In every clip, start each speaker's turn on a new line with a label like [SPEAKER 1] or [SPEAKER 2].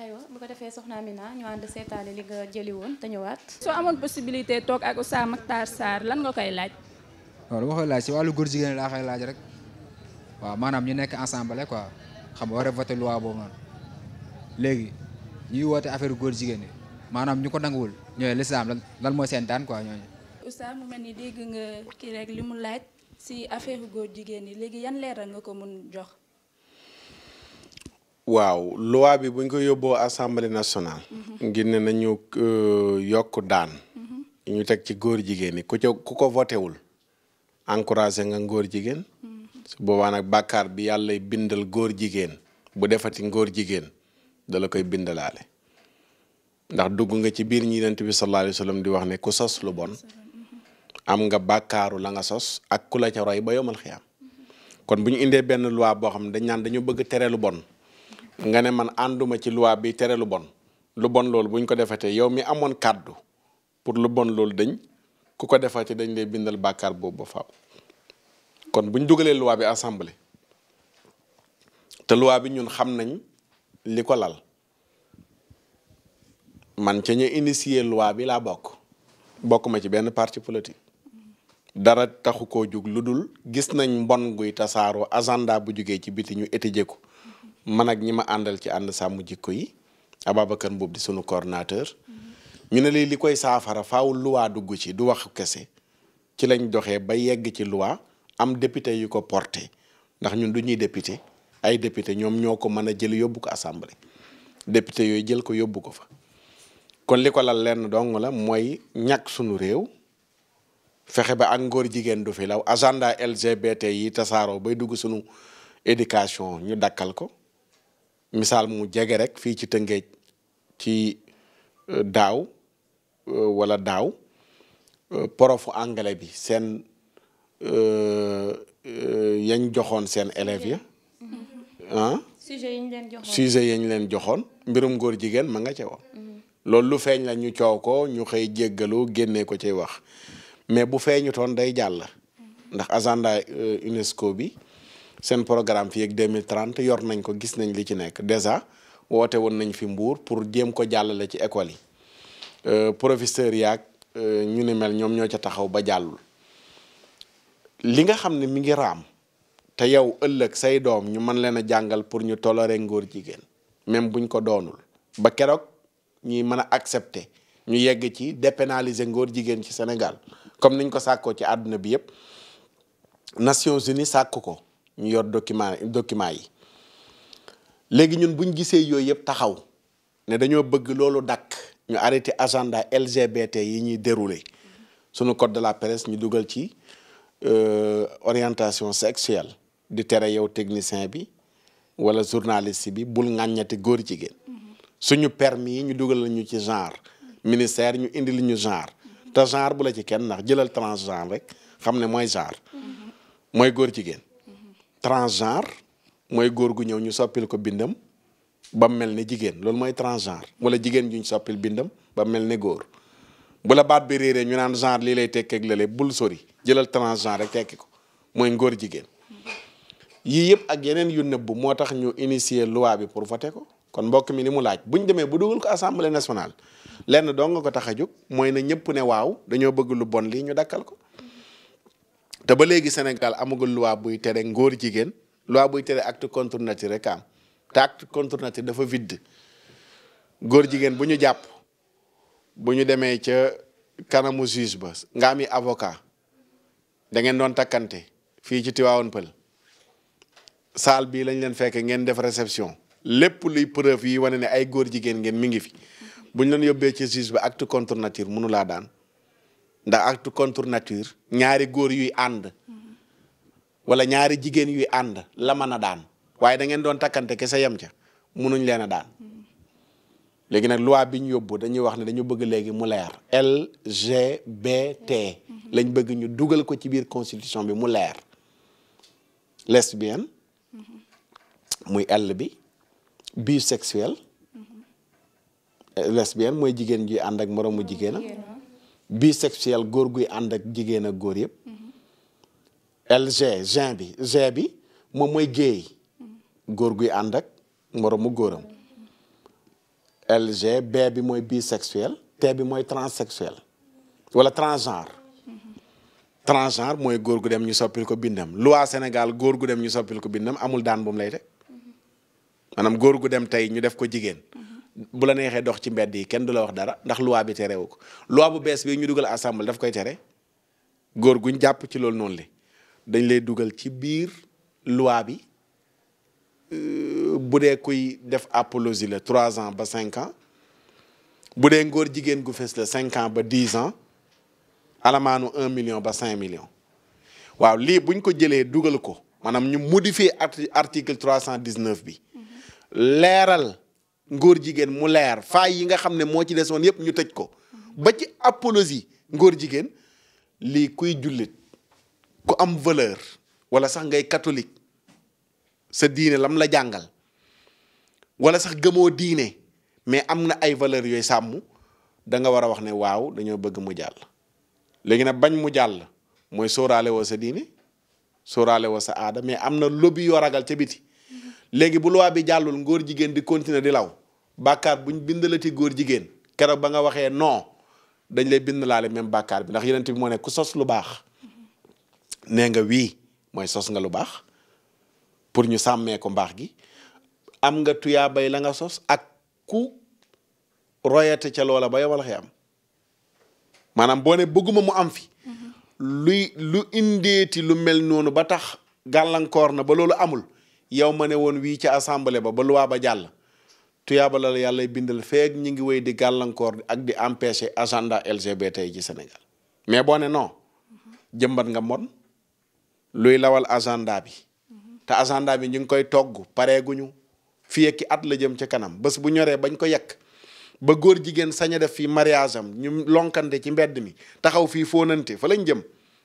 [SPEAKER 1] aywa bu ko defee soxna Amina ñu ànd seetaane li nga jëli woon te ñëwaat. soo
[SPEAKER 2] amoon possibilité toog ak Oustaz Mactar Sarr lan nga koy laaj.
[SPEAKER 3] waaw lu ma koy laaj si wàllu góor jigéen
[SPEAKER 4] laa koy waaw maanaam ñu nekk ensemble quoi xam nga war a voté loi boobu
[SPEAKER 3] woote affaire góor jigéen yi maanaam ñu ko nanguwul ñooy lislaam lan mooy seen daan quoi ñooñu.
[SPEAKER 2] Oustaz mu mel ni dégg nga kii rek li mu laaj si affaire góor jigéen yi léegi yan leeral nga ko mun jox.
[SPEAKER 3] waaw loi bi buñ ko yóbboo assemblée nationale. ngir ne nañu euh, yokk daan. ñu teg ci góor jigéen ñi ku ca ku ko votewul encouragé nga ngóor jigéen. su boobaa nag bàkkaar bi yàlla bindal góor jigéen bu defati ngóor jigéen dala koy bindalaale ndax dugg nga ci biir ñi yonent bi sallallahu di wax ne ku sos lu bon am nga bàkkaaru la nga sos ak ku la ca roy ba yomal xiyaam kon bu ñu indee benn loi boo xam ne dañ naan dañu bëgg tere lu bon nga ne man ànduma ci loi bi tere lu bon lu bon loolu buñ ko defatee yow mi amoon kàddu pour lu bon loolu dañ ku ko defatee dañ lay bindal bàkkaar boobu ba faaw kon buñ dugalee loi bi assemblée te loi bi ñun xam nañ li ko lal man ca ñu initier loi bi laa bokk bokkuma ci benn parti politique dara taxu ko jóg lu dul gis nañ mbon guy tasaaroo agenda bu jugee ci biti ñu étudier ko man ak ñi ma àndal ci ànd sàmm jikko yi Ababacar Mbuub di sunu coordonnateur mm-hmm. ñu ne lii li koy saafara faaw luwaa dugg ci du wax kese ci lañ doxee ba yegg ci luwaa am député yu ko porté ndax ñun du ñuy député ay député ñoom ñoo ko mën a jël yóbbu ko assemblée député yooyu jël ko yóbbu ko fa kon li ko lal lenn dong la mooy ñàkk sunu réew fexe ba ak ngóor jigéen du fi law agenda LGBT yi tasaaroo bay dugg sunu éducation ñu dakkal ko misaal mu jege rek fii ci Tëngéej ci euh, daaw euh, walla daaw euh, profu anglais bi seen yañ joxoon seen élèves ya ah sujet yi ñu leen joxoon sujet ñu leen joxoon mbirum góor jigéen ma nga ca woon loolu lu feeñ la ñu coow ko ñu xëy jéggaloo génnee ko ci wax mais bu feeñutoon day jàlla ndax agenda UNESCO bi seen programme fii ak 2030 yor nañ ko gis nañ li ci nekk déjà woote woon nañ fi mbuur pour jéem ko jàllale ci école yi euh, yaak yaag euh, ñu ni mel ñoom ñoo ca taxaw ba jàllul li nga xam ne mi ngi raam te yow ëllëg say doom ñu mën leen a jàngal pour ñu toléré ngóor jigéen même buñ ko doonul ba keroog ñuy mën a accepter ñu yegg ci dépénaliser ngóor jigéen ci Sénégal comme niñ ko sàkkoo ci àdduna bi yépp Nations Unies sàkk ko ñu yor document document yi léegi ñun buñ gisee yooyu yëpp taxaw ne dañoo bëgg loolu dakk ñu arrêté agenda LGBT yi ñuy déroulé sunu code de la presse ñu dugal ci euh, orientation sexuelle di tere yow technicien bi wala journaliste bi bul ŋàññati góor jigéen suñu permis yi ñu dugal ñu ci genre ministère ñu indi li ñu genre te genre bu la ci kenn ndax jëlal transgenre rek xam ne mooy genre mooy góor jigéen transgenre mooy góor gu ñëw ñu soppil ko bindam ba mel ne jigéen loolu mooy transgenre wala jigéen juñ soppil bindam ba mel ne góor bu la baat bi réeree ñu naan genre lii lay tekkeeg lële bul sori jëlal transgenre rek tekki ko mooy ngóor jigéen yii yëpp ak yeneen yu nëbb moo tax ñu initier loi bi pour voter ko kon mbokk mi ni mu laaj buñ demee bu dugal ko assemblée national lenn doo nga ko tax a jóg mooy na ñëpp ne waaw dañoo bëgg lu bon lii ñu dakkal ko te ba léegi Sénégal amagul loi buy tere ngóor jigéen loi buy tere acte contre nature rek am te acte contre dafa vide góor jigéen bu ñu jàpp bu ñu demee ca kanamu juge ba nga ami avocat da ngeen doon takkante fii ci Tivaouane Pël salle bi lañ leen fekke ngeen def réception lépp luy preuve yi wane ne ay góor jigéen ngeen mi ngi fi bu ñu leen yóbbee ci juge ba acte contre nature mënu laa daan. ndax acte contre nature ñaari góor yuy ànd wala ñaari jigéen yuy ànd la mën daan waaye dangeen doon takkante kese yem ca munuñ leen a daan léegi nag loi bi ñu yóbbu dañuy wax ne dañu bëgg léegi mu leer LGBT mhm. lañ bëgg ñu dugal ko ci biir constitution bi mu leer lesbienne mhm. muy L bi bisexuel
[SPEAKER 5] mhm.
[SPEAKER 3] lesbienne mooy jigéen ji ànd ak moroomu jigéenam bisexuel góor guy ànd ak jigéen ak góor yëpp. LG gen bi G bi moom mooy géey góor guy ànd ak moromu góoram. LG B bi mooy bisexuel T bi mooy transsexuel wala transgenre. transgenre mooy góor gu dem ñu soppil ko bindam loi Sénégal góor gu dem ñu soppil ko bindam amul daan bu lay de maanaam góor gu dem tey ñu def ko jigéen. bu la neexee dox ci mbedd yi kenn du la wax dara ndax loi bi terewu ko loi bu bees bi ñu dugal assemblée daf koy tere góor guñ jàpp ci loolu noonu le dañ lay dugal ci biir loi bi euh, bu dee kuy def apologie la trois ans ba cinq ans bu dee ngóor jigéen gu fees la cinq ans ba dix ans alamaanu un million ba cinq million waaw lii buñ ko jëlee dugal ko maanaam ñu modifier article trois cent dix-neuf bi mm-hmm. leeral ngóor jigéen mu leer faay yi nga xam ne moo ci desoon yëpp ñu tëj ko ba ci apologie ngóor jigéen lii kuy jullit ku am valeur wala sax ngay catholique sa diine lam la jàngal wala sax gëmoo diine mais am na ay valeurs yooyu sàmm da nga war a wax ne waaw dañoo bëgg mu jàll léegi nag bañ mu jàll mooy sóoraale woo sa diine sóoraale woo sa aada mais am na lobi yoo ragal ca biti mm-hmm. léegi bu loi bi jàllul ngóor jigéen di continuer di law bàkkaar buñ bindalati góor jigéen keroog ba nga waxee non dañ lay bind laale même bàkkaar bi ndax yeneen bi moo ne ku sos lu baax nee nga wii mooy sos nga lu baax pour ñu sàmmee ko mbaax gi am nga tuyaa bay la nga sos ak ku royate ca loola ba yomal xëy am maanaam boo ne bëgguma mu am fi luy lu indeeti lu mel noonu ba tax gàllankoor na ba loolu amul yow ma ne woon wii ca assemblée ba ba luwaa ba jàll tuyaaba la yàlla bindal feek ñi ngi wéy di gàllankoor ak di empêcher agenda LGBT yi ci senegal mais boo ne non jëmbat nga mon luy lawal agenda bi te agenda bi ñu ngi koy togg pareeguñu fii ak at la jëm ci kanam bés bu ñoree bañ ko yekk ba góor jigéen sañ def fii mariage am ñu lonkante ci mbedd mi taxaw fii fóonante fa lañ jëm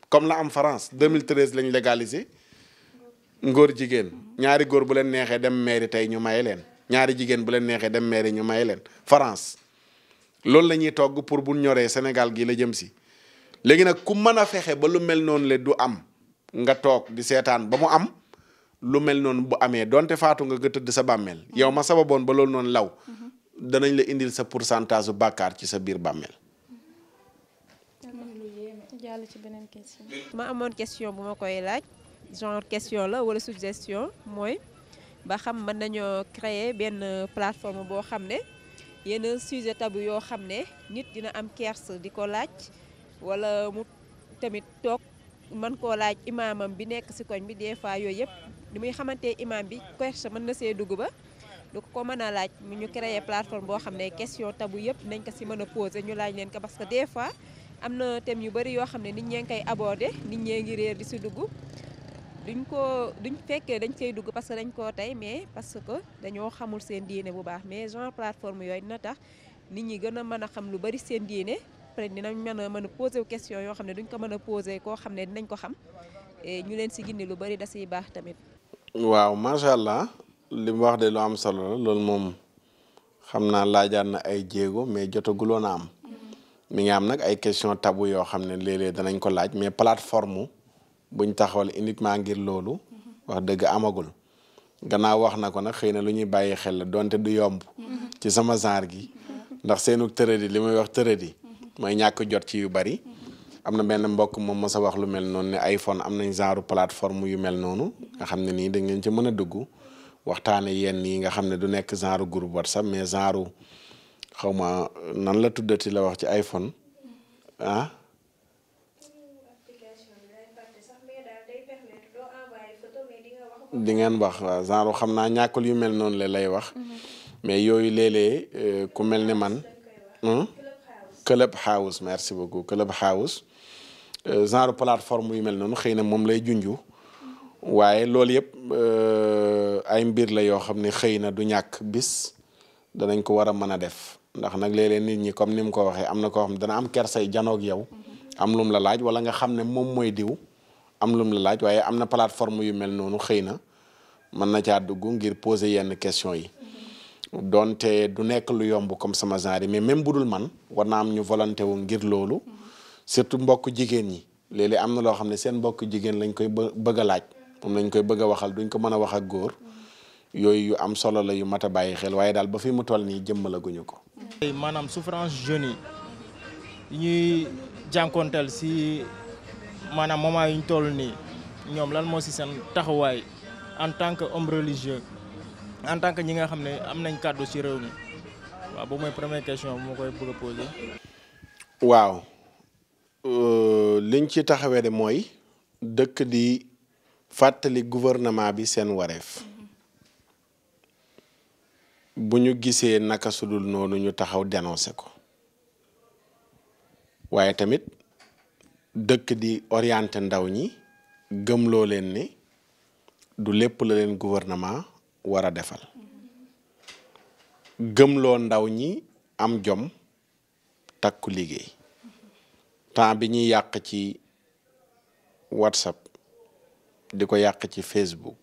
[SPEAKER 3] comme la am France 2013 lañ légalisé ngóor jigéen ñaari góor bu leen neexee dem mairie tey ñu maye leen. ñaari jigéen bu leen neexee dem mairie ñu may leen France loolu la ñuy togg pour bu ñoree Sénégal gii la jëm si léegi nag ku mën a fexe ba lu mel noonu le du am nga toog di seetaan ba mu am lu mel noonu bu amee donte faatu nga nga sa bàmmeel mm-hmm. yow ma sababoon ba loolu noonu law mm-hmm. danañ la indil sa pourcentage su bàkkaar ci sa biir bàmmeel.
[SPEAKER 2] jàll question. ma amoon question bu ma koy laaj genre question la wala suggestion mooy. ba xam mën nañoo créer benn plateforme boo xam ne yenn sujet tabu yoo xam ne nit dina am kers di ko laaj wala mu tamit toog mën koo laaj imaamam bi nekk ci koñ bi des fois yooyu yëpp li muy xamante imaam bi kers mën na see dugg ba du ko mën a laaj mu ñu créer plateforme boo xam ne question tabu yëpp nañ ko ci mën a poser ñu laaj leen ko parce que des fois am na thème yu bari yoo xam ne nit ñee ngi koy aborder nit ñee ngi réer di ci dugg duñ ko duñ fekkee dañ koy dugg parce que dañ koo tey mais parce que dañoo xamul seen diine bu baax mais genre plateforme yooyu dina tax nit ñi gën a mën a xam lu bari seen diine après dinañ mën a mën a poser question yoo xam ne duñ ko mën a poser koo xam ne dinañ ko xam ñu leen si gindi lu bari da siy baax tamit.
[SPEAKER 3] waaw macha allah li mu wax de lu am solo la loolu moom xam naa laajaan na ay jéego mais jotaguloon a am mi ngi am nag ay question tabu yoo xam ne léeg danañ ko laaj mais plateforme buñ taxawal uniquement ngir loolu wax dëgg amagul gannaaw wax na ko nag xëy na lu ñuy bàyyi xel la donte du yomb ci sama genre gi ndax seenu tërëdi li muy wax tërëdi mooy ñàkk jot ci yu bari am na benn mbokk moom mos a wax lu mel noonu ne iPhone am nañ genre plateforme yu mel noonu nga xam ne nii da ngeen ci mën a dugg waxtaane yenn yi nga xam ne du nekk genre groupe WhatsApp mais genre xaw ma nan la tuddati la wax ci iPhone ah di wax waaw genre xam naa ñàkkul yu mel noonu lee lay wax mhm. mais yooyu léeg-léeg euh, ku mel ne man hmm? club house merci beaucoup club house euh, genre plateforme yu mel noonu xëy na moom lay junju waaye loolu yëpp euh, ay mbir la yoo xam ne xëy na du ñàkk bis danañ ko war a mën a def ndax nag léeg nit ñi comme ni mu ko waxee am na koo xam dana am kersay janoog yow mhm. am lum la laaj wala nga xam ne moom mooy diw am lum la laaj waaye am na plateforme yu mel noonu xëy na mën na caa dugg ngir poser yenn question yi donte du nekk lu yomb comme sama genre yi mais même bu dul man war naa am ñu volonté wu ngir loolu surtout mbokk jigéen ñi léeg am na loo xam ne seen mbokk jigéen lañ koy bëgg laaj moom lañ koy bëgg a waxal duñ ko mën a wax ak góor yooyu yu am solo la yu mat a bàyyi xel waaye daal ba fi mu toll nii jëmmalaguñu ko. maanaam souffrance jeunes yi ñuy jànkonteel si maanaam moment yu ñu toll nii ñoom lan moo si seen taxawaay. en tant que homme religieux en tant que ñi nga xam ne am nañ kàddu
[SPEAKER 4] ci réew mi waaw bu mooy première question bu koy bëgg
[SPEAKER 3] waaw euh, liñ ci taxawee de mooy dëkk di fàttali gouvernement bi seen wareef bu ñu gisee naka sudul noonu ñu taxaw dénoncé ko waaye tamit dëkk di orienté ndaw ñi gëmloo leen ni du lépp la leen gouvernement war a defal gëmloo ndaw ñi am jom takku liggéey temps bi ñuy yàq ci whatsapp di ko yàq ci facebook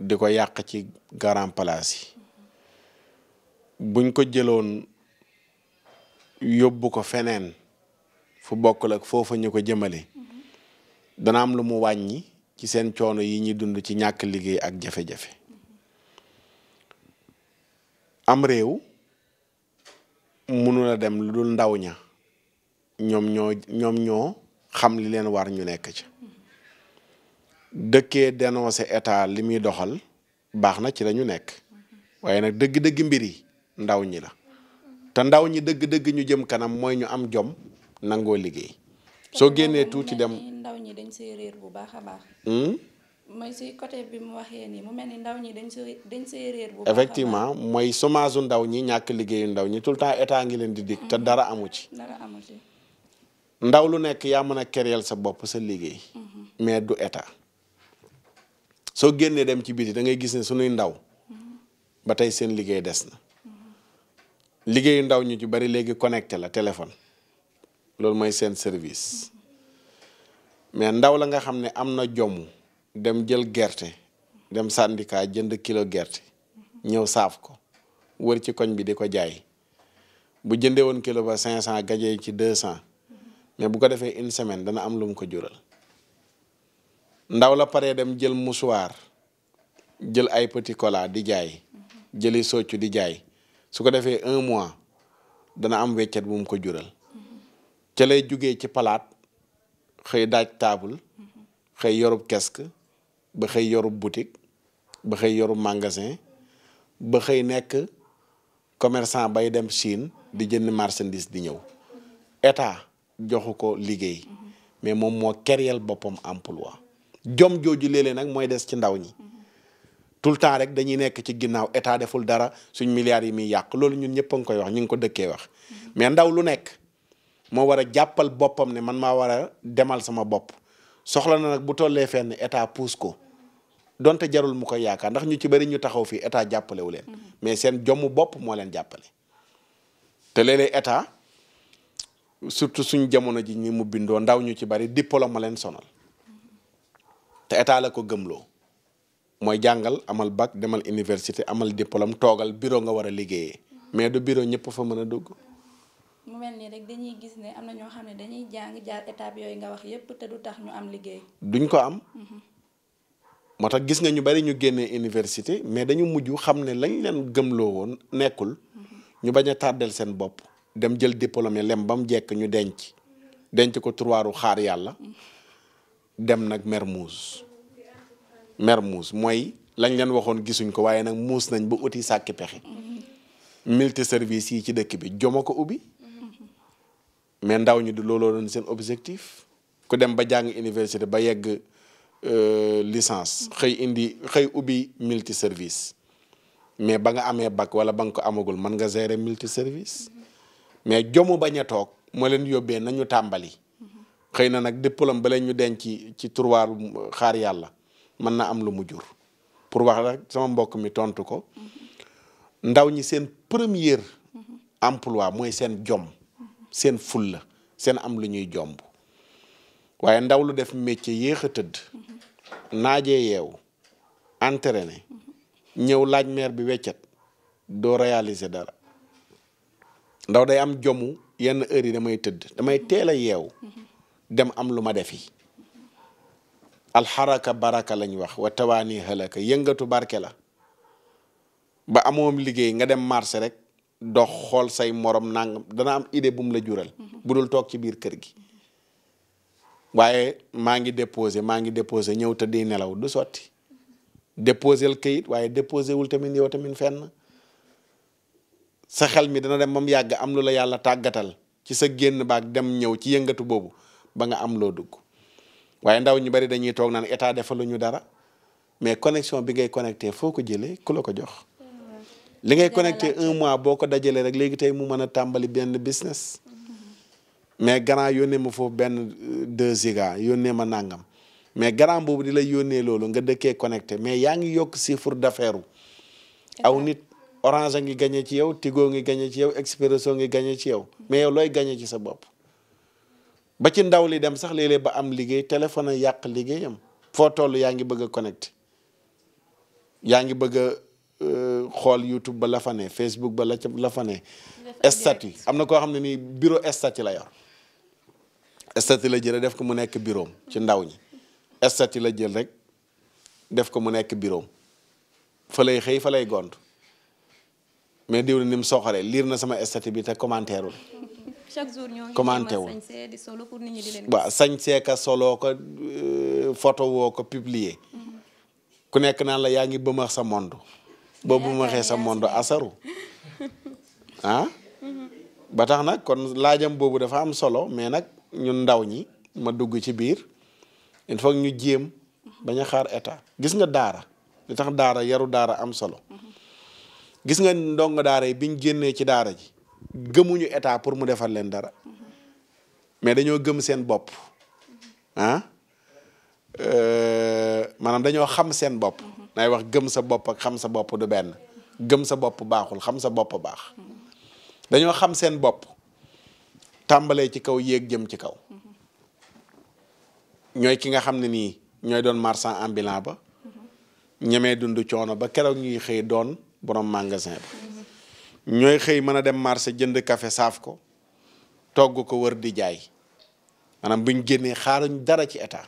[SPEAKER 3] di ko yàq ci grand place yi buñ ko jëloon yóbbu ko feneen fu bokkul ak foofa ñu ko jëmale dana am lu mu wàññi ci seen coono yi ñuy dund ci ñàkk liggéey ak jafe-jafe am réew mënula dem lu dul ndaw ña ñoom ñoo ñoom ñoo xam li leen war ñu nekk ci dëkkee dénoncé état li muy doxal baax na ci lañu nekk waaye nag dëgg-dëgg mbir yi ndaw ñi la te ndaw ñi dëgg-dëgg ñu jëm kanam mooy ñu am jom nangoo liggéey soo génnee tuuti dem
[SPEAKER 2] dañ see bu baax a baax. Hmm? mooy si côté bi mu waxee ndaw ñi dañ see dañ see effectivement
[SPEAKER 3] mooy chômage u ndaw ñi ñàkk liggéeyu ndaw ñi tout le temps ngi leen di dig te hmm. dara amu ci. dara ndaw lu nekk yaa mën a kéréel sa bopp sa liggéey. Hmm. mais du état. soo génnee dem ci biti da ngay gis ne suñuy ndaw ba tey seen liggéey des na liggéeyu ndaw ñu ci bari léegi connecté la téléphone loolu mooy seen service mais ndaw la nga xam ne am na jomm dem jël gerte dem syndicat jënd kilo gerte ñëw saaf ko wër ci koñ bi di ko jaay bu jëndee woon kilo ba cinq cent gajee ci deux cent mais bu ko defee une semaine dana am lu mu ko jural ndaw la paree dem jël musuwaar jël ay petit di jaay jëli soccu di jaay su ko defee un mois dana am weccet bu mu ko jural ca lay jugee ci palaat xëy daaj taabul xëy yorub kesk ba xëy yorub boutique ba xëy yorub magasin ba xëy nekk commerçant bay dem Chine di jënd marchandise di ñëw état joxu ko liggéey mais moom moo keryal boppam emploi jom jooju léeg nag mooy des ci ndaw ñi tout le temps rek dañuy nekk ci ginnaaw état deful dara suñ milliards yi muy yàq loolu ñun ñëpp a koy wax ñu ngi ko dëkkee wax mais ndaw lu nekk moo war a jàppal boppam ne man maa war a demal sama bopp soxla na nag bu tollee fenn état pousse ko donte jarul mu koy yaakaar ndax ñu ci bëri ñu taxaw fii état jàppalewu leen mm-hmm. mais seen jomm bopp moo leen jàppale te léeg état surtout suñ jamono ji ñi mu bindoo ndaw ñu ci bëri diplôme ma leen sonal mm-hmm. te état la ko gëmloo mooy jàngal amal bac demal université amal diplôme toogal bureau nga war a liggéeyee mm-hmm. mais du bureau ñëpp fa mën a dugg
[SPEAKER 2] mu mel nii rek dañuy gis ne am na ñoo xam ne dañuy jàng jaar étape yooyu nga wax yépp te du tax ñu am liggéey. duñ ko am. Mhm.
[SPEAKER 3] moo tax gis nga ñu bari ñu génne université mais dañu mujj xam ne lañ leen gëm loo woon nekkul mhm. ñu bañ a tàddeel seen bopp dem jël diplôme lem ba mu jekk ñu denc denc ko tiroiru xaar yàlla mhm. dem nag Mermoz Mermoz mooy lañ leen waxoon gisuñ ko waaye nag muus nañ ba uti sàkki pexe multi service yi ci dëkk bi joma ko ubbi. mais ndaw ñi di looloo doon seen objectif ku dem ba jàng université ba yegg euh, licence xëy indi xëy ubbi multi service mais ba nga amee bac wala ba nga ko amagul mën nga gérer multi service mais jomu bañ a toog moo leen yóbbee nañu tàmbali xëy na nag diplôme ba leen ñu denc ci turwaar xaar yàlla mën na am lu mu jur pour wax rek sama mbokk mi tontu ko ndaw ñi seen première emploi mooy seen jom seen fulla seen am lu ñuy jomb waaye ndaw lu def métier yéex a tëdd naajee yeewu entraîné ñëw laaj meer bi weccet doo réaliser dara ndaw day am jomu yenn heure yi damay tëdd damay teel a yeewu dem am lu ma defi alxaraka baraka lañ wax wa tawaani halaka yëngatu barke la ba amoom liggéey nga dem marché rek dox xool say morom nangam dana am idée bu mu la jural. bu dul toog ci biir kër gi. waaye maa ngi déposé maa ngi déposé ñëw te di nelaw du sotti déposé l kayit waaye déposé wul tamit yow tamit fenn sa xel mi dana dem ba mu yàgg am lu la yàlla tàggatal ci sa génn baag dem ñëw ci yëngatu boobu ba nga am loo dugg waaye ndaw ñu bari dañuy toog naan état ñu dara mais connexion bi ngay connecté foo ko jëlee ku la ko jox. li ngay connecté un mois boo ko dajalee rek léegi tey mu mën a tàmbali benn business mais grand yónnee ma foofu benn euh, deux giga yónnee ma nangam mais grand boobu di lay yónnee loolu nga dëkkee connecté mais yaa ngi yokk chiffre d'affaires aw nit orange a ngi gagné ci yow tigo ngi gagné ci yow expresso ngi gagné ci yow mais yow looy gagné ci sa bopp ba ci ndaw li dem sax léeg ba am liggéey téléphone a yàq liggéeyam foo toll yaa ngi bëgg a connecté yaa ngi Euh, xool YouTube ba la fa ne Facebook ba la ca am na koo xam ne nii bureau stati la yor. stati la jël def ko mu nekk bureau ci ndaw ñi. statut la jël rek def ko mu nekk bureau fa lay xëy fa lay gont mais diw ni mu soxoree liir na sama statut bi te commentaire wul.
[SPEAKER 4] chaque jour ñoo commenté wul
[SPEAKER 1] di solo pour nit ñi di leen. waaw
[SPEAKER 3] sañsee ko euh, photo woo publier. Mm-hmm. ku nekk naan la yaa ngi bëmaax sa monde. boobu bu ma waxee sa monde asaru ah. ba tax nag kon laajam boobu dafa am solo mais nag ñun ndaw ñi ma dugg ci biir il foog ñu jéem bañ a xaar état gis nga daara li tax daara yaru daara am solo gis nga ndong daara yi biñ génnee ci daara ji gëmuñu état pour mu defal leen dara mais dañoo gëm seen bopp ah euh, maanaam dañoo xam seen bopp. ay wax gëm sa bopp ak xam sa bopp du benn gëm sa bopp baaxul xam sa bopp baax dañoo xam seen bopp tàmbalee ci kaw yéeg jëm ci kaw ñooy ki nga xam ne nii ñooy doon marchand ambulant ba ñemee dund coono ba keroog ñuy xëy doon borom magasin ba ñooy xëy mën a dem marché jënd kafe saaf ko togg ko wër di jaay maanaam buñ génnee xaaruñ dara ci état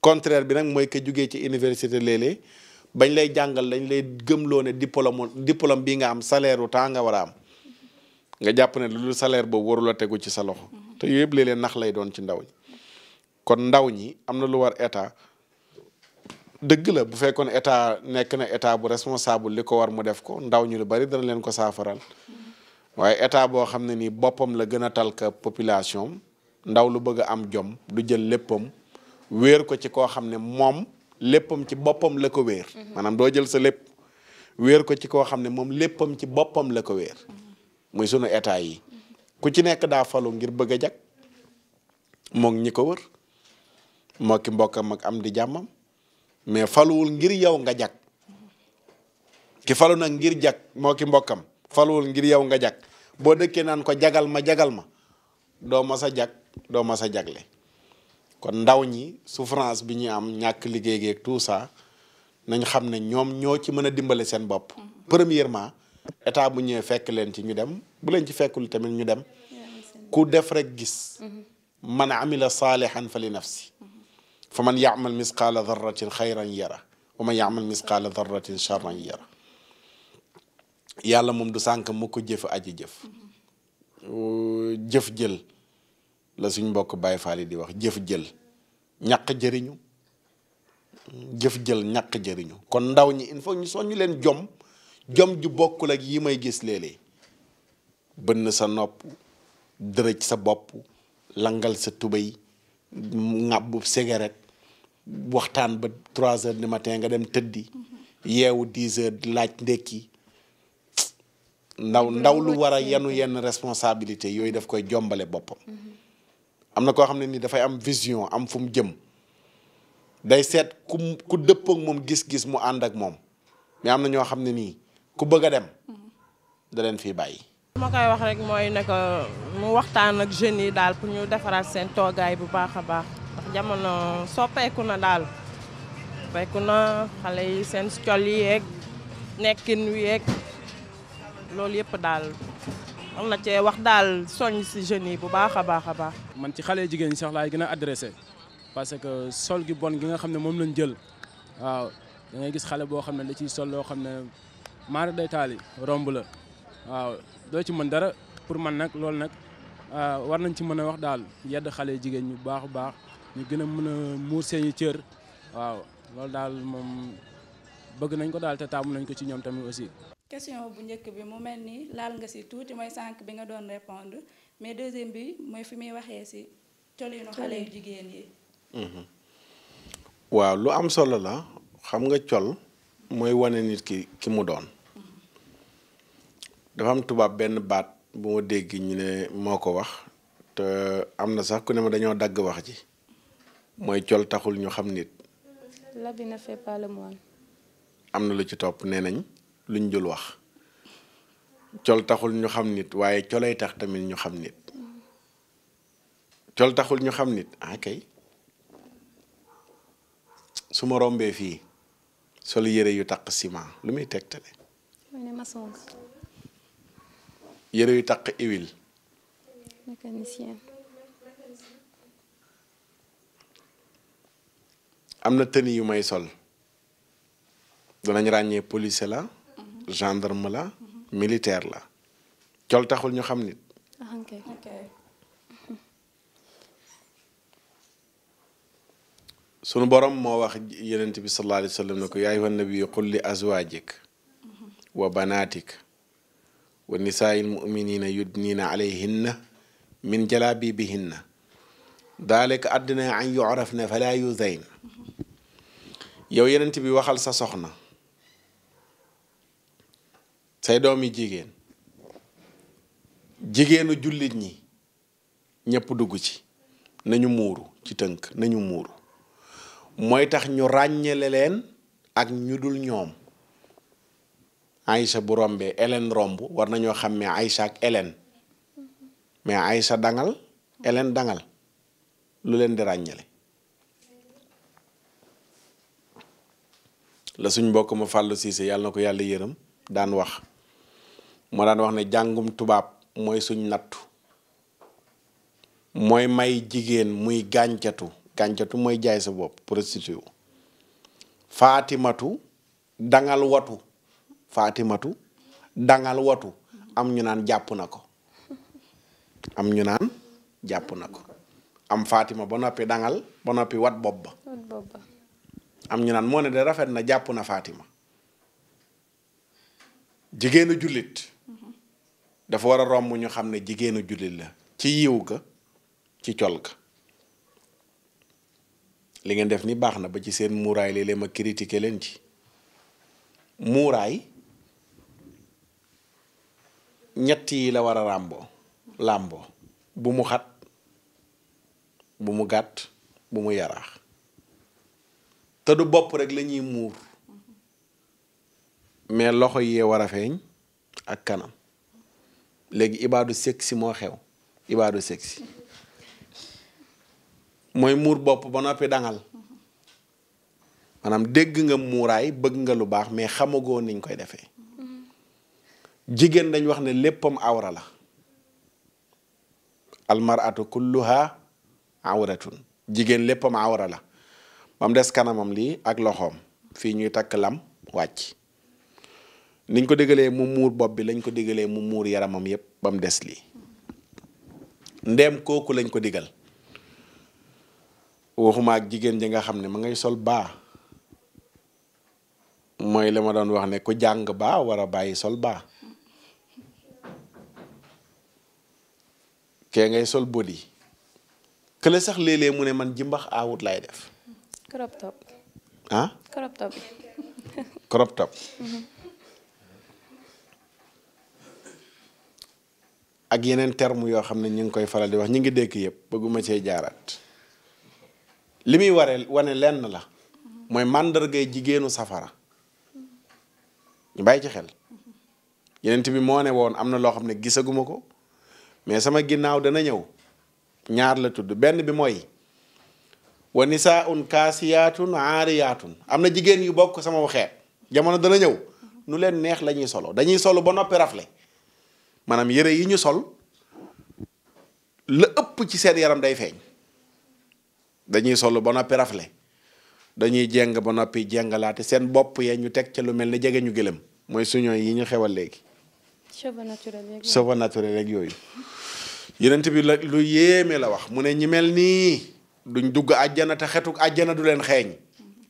[SPEAKER 3] contraire bi nag mooy que jugee ci université léeg bañ lay jàngal lañ lay gëmloo ne diplôme diplôme bii nga am salaire wu temps nga war a am nga jàpp ne lu dul boobu warula tegu ci sa loxo te yooyu yëpp léeg-léeg nax lay doon ci ndaw ñi kon ndaw ñi am na lu war état dëgg la bu fekkoon état nekk na état bu responsable li ko war mu def ko ndaw ñu lu bari dana leen ko saafaral waaye état boo xam ne nii boppam la gën a talka population ndaw lu bëgg a am jom du jël léppam wéer ko ci koo xam ne moom léppam ci boppam la ko wéer mhm. doo jël sa lépp wéer ko ci koo xam ne moom léppam ci boppam la ko wéer mhm. muy sunu état yi mhm. ku ci nekk daa falu ngir bëgg a jag moog ñi ko wër moo ki mbokkam ak am di jàmmam mais faluwul ngir yow nga jag ki falu nag ngir jag moo ki mbokkam falwul ngir yow nga jag boo dëkkee naan ko jagal ma jagal ma doo ma sa jag doo ma sa jagle kon ndaw ñi souffrance bi ñu am ñàkk liggéey geeg tout ça nañ xam ne ñoom ñoo ci mën a dimbale seen bopp. Mm-hmm. premièrement état bu ñëwee fekk leen ci ñu dem bu leen ci fekkul tamit ñu dem ku def rek gis. Mm-hmm. man amila saalihan fa li nafsi mm-hmm. fa man yaamal misqaala darratin xayran yara wa man yaamal misqaala darratin charran yara yàlla moom du sànk mu ko jëf aji jëf jëf jël la suñ mbokk Baay Faal di wax jëf jël ñàq jëriñu jëf jël ñàq jëriñu kon ndaw ñi il faut ñu leen jom jom ju bokkul ak yi may gis léeg-léeg bënn sa nopp dërëj sa bopp langal sa tubéy ŋàbbu cigarette waxtaan ba trois heures du matin nga dem tëddi yeewu dix heures laaj ndekki ndaw ndaw lu war a yenu yenn responsabilité yooyu daf koy jombale boppam am na koo xam ne nii dafay am vision am fu mu jëm day seet ku ku moom gis-gis mu ànd ak moom mais am na ñoo xam ne nii ku bëgg a dem da leen fii bàyyi.
[SPEAKER 4] li ma koy wax rek mooy ne que mu waxtaan ak jeunes yi daal pour ñu defaraat seen toogaay bu baax a baax ndax jamono soppeeku na daal soppeeku na xale yi seen col yi yeeg nekkin wi yeeg loolu yëpp daal. am na cee wax daal soññ si jeunes bu baax a baax a baax.
[SPEAKER 3] man ci xale jigéen ñi sax laay gën a adressé parce que sol gi bon gi nga xam ne moom lañ jël waaw da gis xale boo xam ne da ciy sol loo xam ne maar day taali romb la doo ci mën dara pour man nag loolu nag war nañ ci mën a wax daal yedd xale jigéen ñu baax baax ñu gën a mën a muur seeni cër waaw loolu daal moom bëgg nañ ko daal te taamu nañ ko ci ñoom tamit aussi.
[SPEAKER 2] question bu njëkk bi mu mel ni laal nga si tuuti mooy sànq bi nga doon répondre mais deuxième bi mooy fi muy waxee si colinu xale yu jigéen yi.
[SPEAKER 3] Mhm. waaw lu am solo la xam nga col mooy wane nit ki ki mu doon. dafa am tubaab benn baat bu ma dégg ñu ne moo ko wax te am na sax ku ne ma dañoo dagg wax ji mooy col taxul ñu xam nit.
[SPEAKER 1] l'habit ne fait pas le
[SPEAKER 3] am na lu ci topp nee nañ. luñ dul wax col taxul ñu xam nit waaye colay tax tamit ñu xam nit col taxul ñu xam nit ah kay su ma rombee fii sol yére yu taq ciment lu muy tegtale yére yu taq huile am na tenue yu may sol danañ ràññee police la gendarme la militaire la col taxul ñu xam nit ah, sunu borom moo wax yonent bi sallallahu alayhi wa sallam ne ko yaa ayyuhan nabiyyu qul li azwaajik wa banaatik wa nisaa'il mu'miniina yudniina alayhinna min jalaabibihinna daalika adnaa an yu'rafna falaa yu'zayna yow yonent bi waxal sa soxna say doom jigéen jigéenu jullit ñi ñëpp dugg ci nañu muuru ci tënk nañu muuru mooy tax ñu ràññale leen ak ñu dul ñoom Aïcha bu rombee Hélène romb war nañoo xam ne Aïcha ak Hélène mais Aïcha dangal Hélène dangal lu leen di ràññale la suñ mbokk ma fàllu siise yàlla na ko yàlla yërëm daan wax moo daan wax ne jàngum tubaab mooy suñ nattu mooy may jigéen muy gàncatu gàncatu mooy jaay sa bopp prostitué wu faatimatu dangal watu faatimatu dangal watu am ñu naan jàpp na ko am ñu naan jàpp na ko am faatima ba noppi dangal ba noppi wat bopp ba am ñu naan moo ne de rafet na jàpp na faatima jigéenu jullit dafa war a romb ñu xam ne jigéenu jullit la ci yiw ga ci col ga li ngeen def ni baax na ba ci seen muuraay léeg ma critiqué leen ci muuraay ñett yi la war a ràmboo làmboo bu mu xat bu mu gàtt bu mu yaraax te du bopp rek lañuy muur mais loxo yee war a feeñ ak kanam léegi ibaadu seksi moo xew ibaadu seksi mooy muur bopp ba noppi dangal maanaam dégg nga muuraay bëgg nga lu baax mais xamagoo niñ koy defee jigéen dañ wax ne léppam awrala la almaratu kulluha awratun jigéen léppam awra la ba des kanamam lii ak loxoom fii ñuy takk lam wàcc niñ ko digalee mu muur bopp bi lañ ko digalee mu muur yaramam yépp ba mu des lii ndeem kooku lañ ko digal waxuma ak jigéen ji nga xam ne ma ngay sol baa mooy la ma doon wax ne ku jàng baa war a bàyyi sol baa kee ngay sol yi kële sax léeg mu ne man jimbax awut lay def ah?
[SPEAKER 4] crop top
[SPEAKER 1] crop top crop top mhm.
[SPEAKER 3] ak yeneen terme yoo xam ne ñu ngi koy faral di wax ñu ngi dégg yëpp bëgguma cee jaaraat li muy waree wane lenn la mooy màndarga jigéenu safara ñu bàyyi ci xel yeneen bi moo ne woon am na loo xam ne gisaguma ko mais sama ginnaaw dana ñëw ñaar la tudd benn bi mooy wa nisaun kaasiyaatun aariyaatun am na jigéen yu bokk sama waxeet jamono dana ñëw nu leen neex la ñuy solo dañuy solo ba noppi rafle maanaam yëre yi ñu sol la ëpp ci seen yaram day feeñ dañuy sol ba noppi rafle dañuy jeng ba noppi jengalaate seen bopp yee ñu teg ca lu mel ne jege ñu gëlëm mooy suñu yi ñu xewal léegi.
[SPEAKER 1] cheveux naturel rek yooyu
[SPEAKER 3] cheveux naturel yooyu. yeneen bi la lu yéeme la wax mu ne ñi mel nii duñ dugg àjjana te xetuk àjjana du leen xeeñ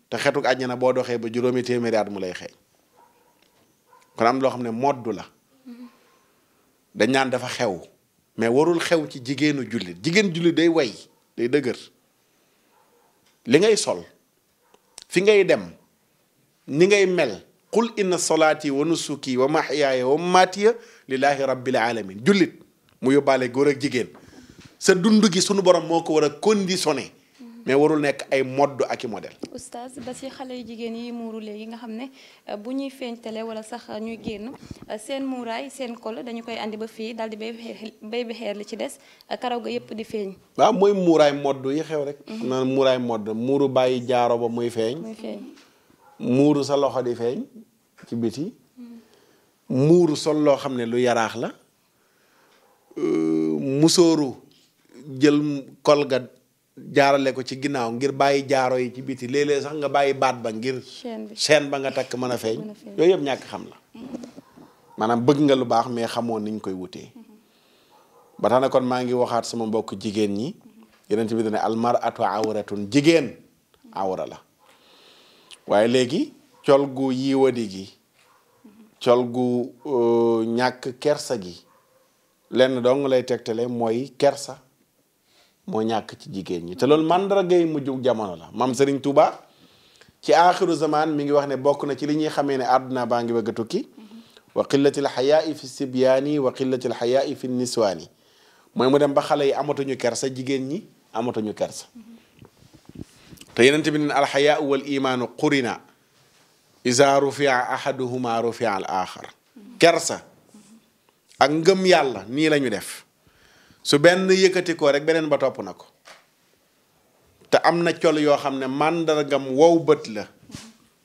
[SPEAKER 3] te xetuk àjjana boo doxee ba juróomi téeméeri at mu lay xeeñ kon am loo xam ne moddu la. dañ naan dafa xew mais warul xew ci jigéenu jullit jigéen jullit day way day dëgër li ngay sol fi ngay dem ni ngay mel qul inna solaati wa nusuki wa mahyaaya wa mamaatiya lillaahi rabbil alamin jullit mu yóbbaale góor ak jigéen sa dund gi sunu borom moo ko war a conditionné mais warul nekk ay modd ak i modèle.
[SPEAKER 1] oustaz ba si xale yu jigéen yi muuru léegi nga xam ne euh, bu ñuy feeñ télé wala sax ñuy génn euh, seen muuraay seen kol dañu koy andi ba fii daal di bay bay bi xeer li ci des euh, karaw ga yëpp di feeñ.
[SPEAKER 3] waaw mooy muuraay modd yi xew rek. Mhm. naan muuraay modd muuru bàyyi jaaro ba muy feeñ. muy feeñ muuru sa loxo di feeñ ci biti. Mhm. muuru sol loo xam ne lu yaraax la. musóoru jël kol ga jaarale ko ci ginnaaw ngir bàyyi jaaro yi ci biti léeg-léeg sax nga bàyyi baat ba ngir chaîne ba nga takk mën a feeñ yooyu yëpp ñàkk xam la mm-hmm. maanaam bëgg nga lu baax mais xamoon niñ koy wutee mm-hmm. ba tax na kon maa ngi waxaat sama mbokk jigéen ñi mm-hmm. yeneen ci bi ne almaratu awratun jigéen awra la waaye léegi col gu yiiwadi gi col gu euh, ñàkk kersa gi lenn dong lay tegtale mooy kersa moo ñàkk ci jigéen ñi te loolu mandargay mujj jamono la mam Serigne Touba ci aaxiru zamaan mi ngi wax ne bokk na ci li ñuy xamee ne àdduna baa ngi bëgg a tukki mm-hmm. wa qillatil xayaai fi sibyaani wa qillatil xayaai fi niswaani mooy mu dem ba xale yi amatuñu kersa jigéen ñi amatuñu kersa mm-hmm. te yeneen tamit ne alxayaau wal imaanu qurina isa rufia ahaduhuma rufia al mm-hmm. kersa ak ngëm yàlla nii la ñu def su benn yëkkati ko rek beneen ba topp na ko te am na col yoo xam ne màndargam wow bët la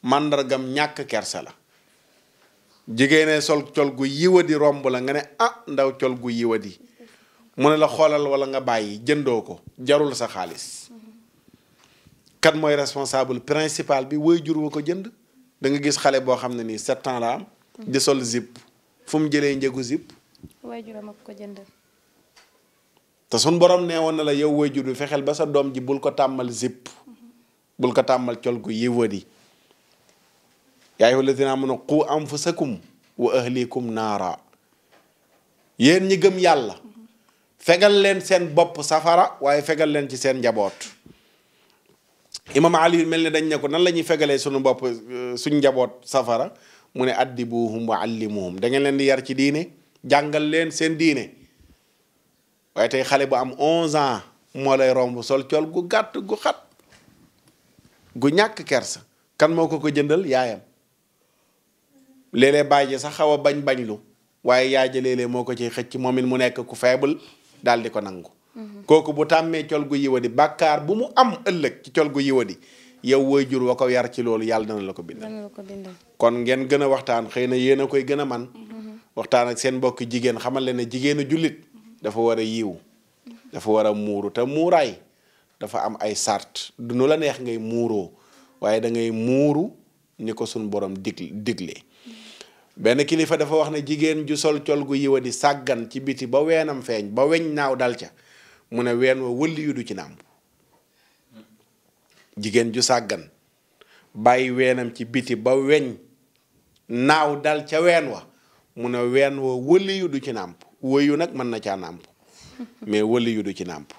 [SPEAKER 3] màndargam ñàkk kerse la jigéene sol col gu yiwadi romb la nga ne ah ndaw col gu yiwadi mu ne la xoolal walla nga bàyyi jëndoo ko jarul sa xaalis kan mooy responsable principal bi woy jur wa ko jënd danga gis xale boo xam ne nii sept la am di sol zip fu mu jëlee njëgu zip. te sun borom nee woon na la yow waajur bi fexeel ba sa doom ji bul ko tàmmal zipp bul ko tàmmal col gu yéwadi yaa ayyuha allazina amanu qu anfusakum wa ahlikum naara yéen ñi gëm yàlla fegal leen seen bopp safara waaye fegal leen ci seen njaboot imam ali mel ni dañ ne ko nan lañuy fegalee suñu bopp euh, suñu njaboot safara mu ne addibuhum wa allimuhum da ngeen leen di yar ci diine jàngal leen seen diine waaye tey xale bu am 11 ans moo lay romb sol col gu gàtt gu xat gu ñàkk kers kan moo ko ko jëndal yaayam léeg-léeg bàyyi sax xaw a bañ bañlu waaye yaay ja léeg moo ko ci xëcc moom it mu nekk ku faible daal di ko nangu. Mhm. kooku bu tàmmee col gu yiwa di bàkkaar bu mu am ëllëg ci col gu di yow woy jur wa ko yar ci loolu yàlla dana la ko bindal. kon ngeen gën a waxtaan xëy na yéen a koy gën a man mhm. waxtaan ak seen mbokk jigéen xamal leen ne jigéenu jullit dafa war a yiw dafa war a muuru te muuraay dafa am ay sart du nu la neex ngay muuroo waaye dangay muuru ni ko suñ borom dig digle benn kilifa dafa wax ne jigéen ju sol col gu yiwa di sàggan ci biti ba weenam feeñ ba weñ naaw dal ca mu ne ween wa jigéen ju sàggan bàyyi weenam ci biti ba weñ naaw dal ca ween wa mu ne ween wa wëlli yu du ci nàmp wëyu nag mën na caa nàmp mais wëli yu du ci nàmp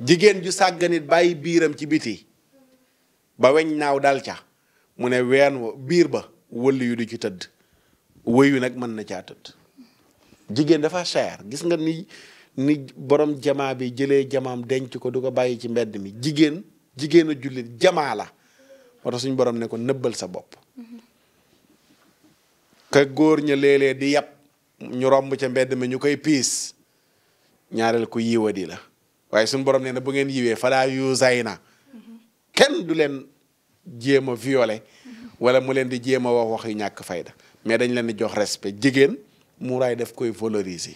[SPEAKER 3] jigéen ju sàgganit bàyyi biiram ci biti ba weñ naaw dal ca mu ne ween biir ba wëli yu du ci tëdd wëyu nag mën na caa tëdd jigéen dafa cher gis nga ni ni borom jamaa bi jëlee jamaam denc ko du ko bàyyi ci mbedd mi jigéen jigéenu jullit jamaa la moo suñ borom ne ko nëbbal sa bopp ka góor ña léeg di yàpp ñu romb ca mbedd mi ñu koy piis ñaareel ku di la waaye suñ borom nee na bu ngeen yiwee falaa yuusay na kenn du leen jéem a violé wala mu leen di jéem a wax wax yu ñàkk fayda mais dañ leen di jox respect jigéen muuraay def koy valoriser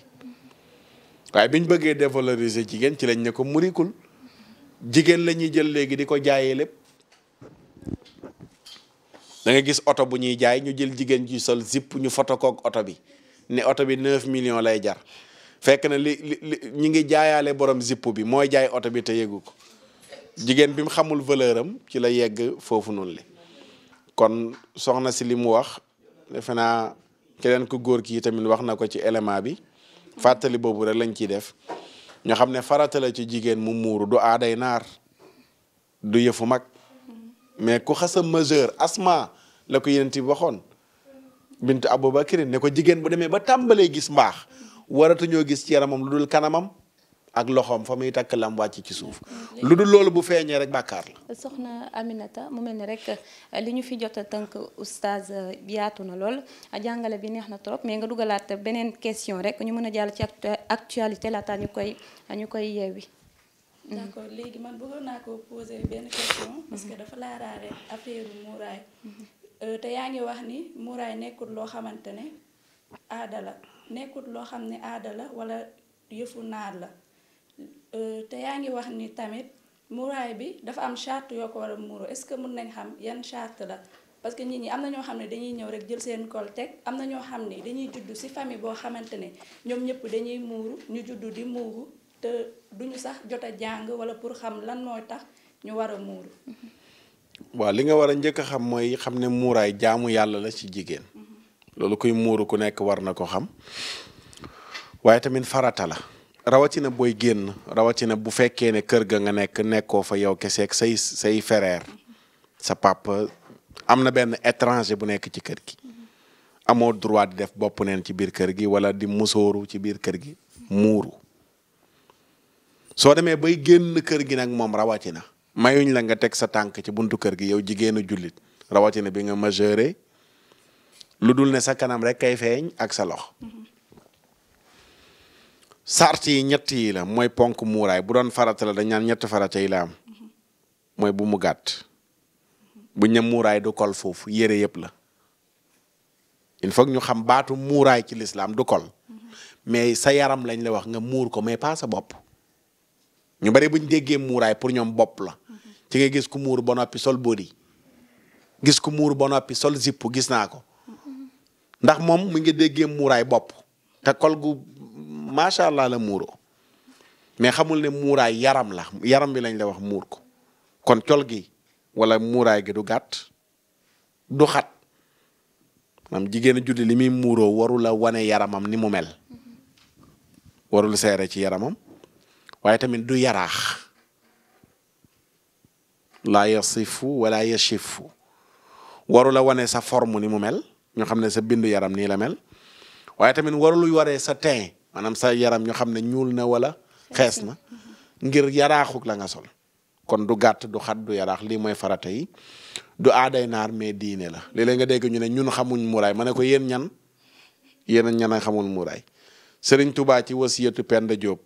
[SPEAKER 3] waaye biñ bëggee dévaloriser jigéen ci lañ ne ko murikul jigéen la ñuy jël léegi di ko jaayee lépp danga gis oto bu ñuy jaay ñu jël jigéen ji sol zip ñu foto koog oto bi ne oto bi 9 millions lay jar fekk na li li ñi ngi jaayaale borom zipp bi mooy jaay oto bi te yëgu ko jigéen bi mu xamul valeur am ci la yegg foofu noonu li kon soxna si li mu wax defe naa keneen ku góor kii tamit wax na ko ci élément bi fàttali boobu rek lañ ciy def ñoo xam ne farata la ci jigéen mu muuru du aaday naar du yëfu mag mais ku xasa a asma la ko yéneen waxoon bintu Aboubakirin ne ko jigéen bu demee ba tàmbalee gis mbaax waratuñoo gis ci yaramam lu dul kanamam ak loxoom fa muy takk lam wàcc ci suuf
[SPEAKER 1] mm-hmm. lu dul loolu
[SPEAKER 3] bu feeñee rek bàkkaar
[SPEAKER 1] la. soxna Aminata mu mel ni rek uh, li ñu fi jot a tënk oustaz uh, yaatu na lool uh, jàngale bi neex na trop mais nga dugalaat beneen question rek ñu mën a jàll ci actualité a ñu koy ñu koy yeewi.
[SPEAKER 2] Mm-hmm. ko poser benn question. parce que dafa Euh, te yaa ngi wax ni muuraay nekkut loo xamante ne aada la nekkul loo xam ne aada la wala yëfu naar la euh, te yaa ngi wax ni tamit muuraay bi dafa am charte yoo ko war a muuro est-ce que mën nañ xam yan charte la parce que nit ñi am na ñoo xam ne dañuy ñëw rek jël seen kol teg am na ñoo xam ne dañuy juddu si famille boo xamante ne ñoom ñëpp dañuy muuru ñu juddu di muuru te duñu sax jot a jàng wala pour xam lan mooy tax ñu war a muuru mm-hmm.
[SPEAKER 3] waaw li nga war a njëkk a xam mooy xam ne muuraay jaamu yàlla la ci jigéen loolu koy muuru ku nekk war na ko xam waaye tamit farata la rawatina booy génn rawatina bu fekkee ne kër ga nga nekk nekkoo fa yow keseeg say say fereer sa papa am na benn étranger bu nekk ci kër gi amoo droit def bopp neen ci biir kër gi wala di musóoru ci biir kër gi muuru soo demee bay génn kër gi nag moom rawatina mayuñ la nga teg sa tànk ci buntu kër gi yow jigéenu jullit rawatina bi nga majeure lu dul ne sa kanam rek ay feeñ ak sa lox sart yi ñett yi la mooy ponk muuraay bu doon farata la dañ naan ñett farata yi la am mooy bu mu gàtt bu ñam muuraay du kol foofu yére yëpp la il foog ñu xam baatu muuraay ci lislaam du kol mais sa yaram lañ la wax nga muur ko mais pas sa bopp ñu bari buñ déggee muuraay pour ñoom bopp la ci nga gis ku muur ba noppi sol body gis ku muur ba noppi sol zipp gis naa ko ndax moom mu ngi déggee muuraay bopp te kol gu macha allah la muuroo mais xamul ne muuraay yaram la yaram bi lañ la wax muur ko kon col gi wala muuraay gi du gàtt du xat maam jigéen julli li muy muuroo warul la wane yaramam ni mu mel warul seere ci yaramam waaye tamit du yaraax laa yasifu wala yashifu waru la wane sa forme ni mu mel ñu xam ne sa bindu yaram nii la mel waaye tamit warul waree sa teint maanaam sa yaram ñu xam ne ñuul na wala xees na ngir yaraaxuk la nga sol kon du gàtt du xat yaraax lii mooy farata yi du aaday naar mais diine la léeg-léeg nga dégg ñu ne ñun xamuñ muraay ma ne ko yéen ñan yéen ñan a xamul muraay Serigne Touba ci wasiyatu Penda Diop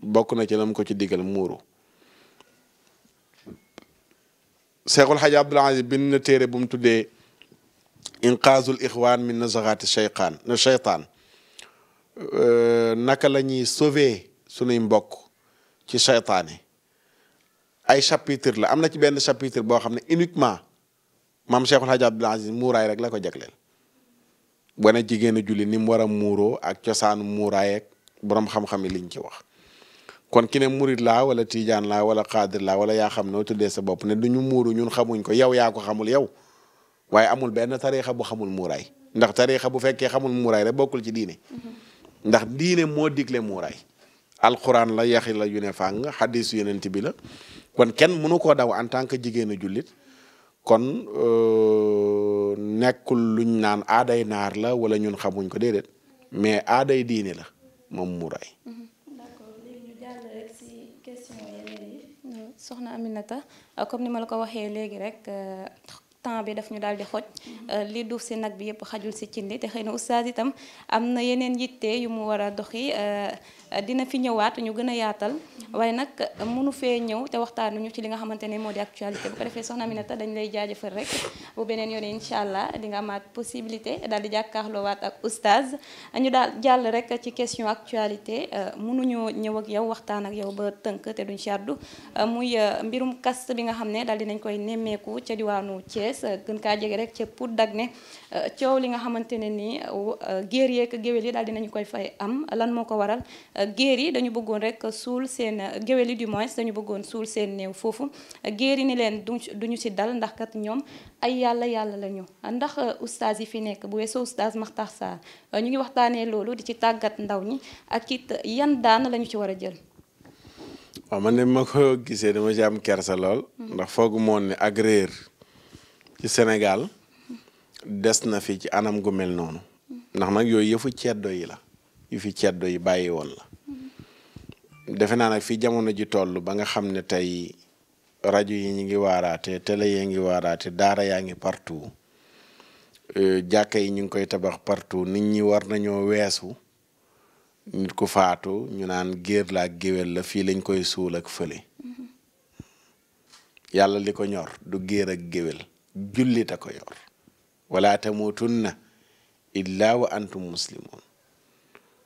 [SPEAKER 3] bokk na ci lam ko ci digal muuru Seexul Xaaj Abdul Aziz na téere bu mu tuddee inqaazul ixwaan min nazaxaati cheytaan na cheytaan naka la ñuy sauver sunuy mbokk ci cheytaane ay chapitre la am na ci benn chapitre boo xam ne uniquement maam Seexul Xaaj Abdul Aziz muuraay rek la ko jagleel bone jigéen a julli ni mu war a muuroo ak cosaanu muuraay ak boroom xam-xam yi liñ ci wax kon ki ne murit la wala tiijaan laa wala xaadir laa wala yaa xam noo de sa bopp ne du ñu muuru ñun xamuñ ko yow yaa ko xamul yow waaye amul benn tariixa bu xamul muuraay ndax tariixa bu fekkee xamul muuraay rek bokkul ci diine ndax diine moo digle muuraay alxuraan la yaxi la yu ne fàng xadis yeneen bi la kon kenn mënu koo daw en tant que jigéenu jullit kon euh, nekkul luñ naan aaday naar la wala ñun xamuñ ko déedéet mais aaday diine la moom muuraay mm-hmm.
[SPEAKER 1] soxna Aminata euh, comme ni ma la ko waxee léegi rek euh, temps bi daf ñu daal di xoj mm-hmm. euh, li duuf si nag bi yëpp xajul si cin li te xëy na oustaz itam am na yeneen yitte yu mu war a doxi Euh, dina fi ñëwaat ñu gën a yaatal waaye nag euh, mënu fee ñëw te waxtaanuñu ci li nga xamante ne moo di actualité bu ko defee soxna Aminata dañ lay jaajëfal rek bu beneen yoon incha allah di nga amaat possibilité daal di waat ak oustaz ñu daal jàll rek ci question actualité euh, mënuñoo ñëw ak yow waxtaan ak yow ba tënk te duñ ci àddu muy mbirum kast bi nga xam ne daal nañ koy nemmeeku ca diwaanu Thiès gën kaa jege rek ca Pout Dagné Euh, coow li nga xamante ne nii euh, euh, géer yeeg géwél yi daal dinañu koy fay am lan moo ko waral géer yi dañu bëggoon rek suul seen géwél yi du moins dañu bëggoon suul seen néew foofu géer yi ni leen duñu ci dal ndax kat ñoom ay yàlla yàlla lañu ndax oustaz yi fi nekk bu weesoo oustaz Makhtar Sarr ñu ngi waxtaanee loolu di ci tàggat ndaw ñi ak it yan daan lañu ci war a jël.
[SPEAKER 3] waaw man ne ma ko gisee dama ci am kersa lool. Mm-hmm. ndax foogu moon ne ak réer ci des na fi ci anam gu mel noonu ndax nag yooyu yëfu ceddo yi la yu fi ceddo yi bàyyi woon la defe naa nag fi jamono ji toll ba nga xam ne tey rajo yi ñu ngi waaraate tele yi ngi waaraate daara yaa ngi partout e, jàkka yi ñu ngi koy tabax partout nit ñi war nañoo weesu nit ku faatu ñu naan géer la géwél la fii lañ koy suul ak fële mm-hmm. yàlla li ko ñor du géer ak géwél jullit ko yor wala tamutunna illa wa antum muslimun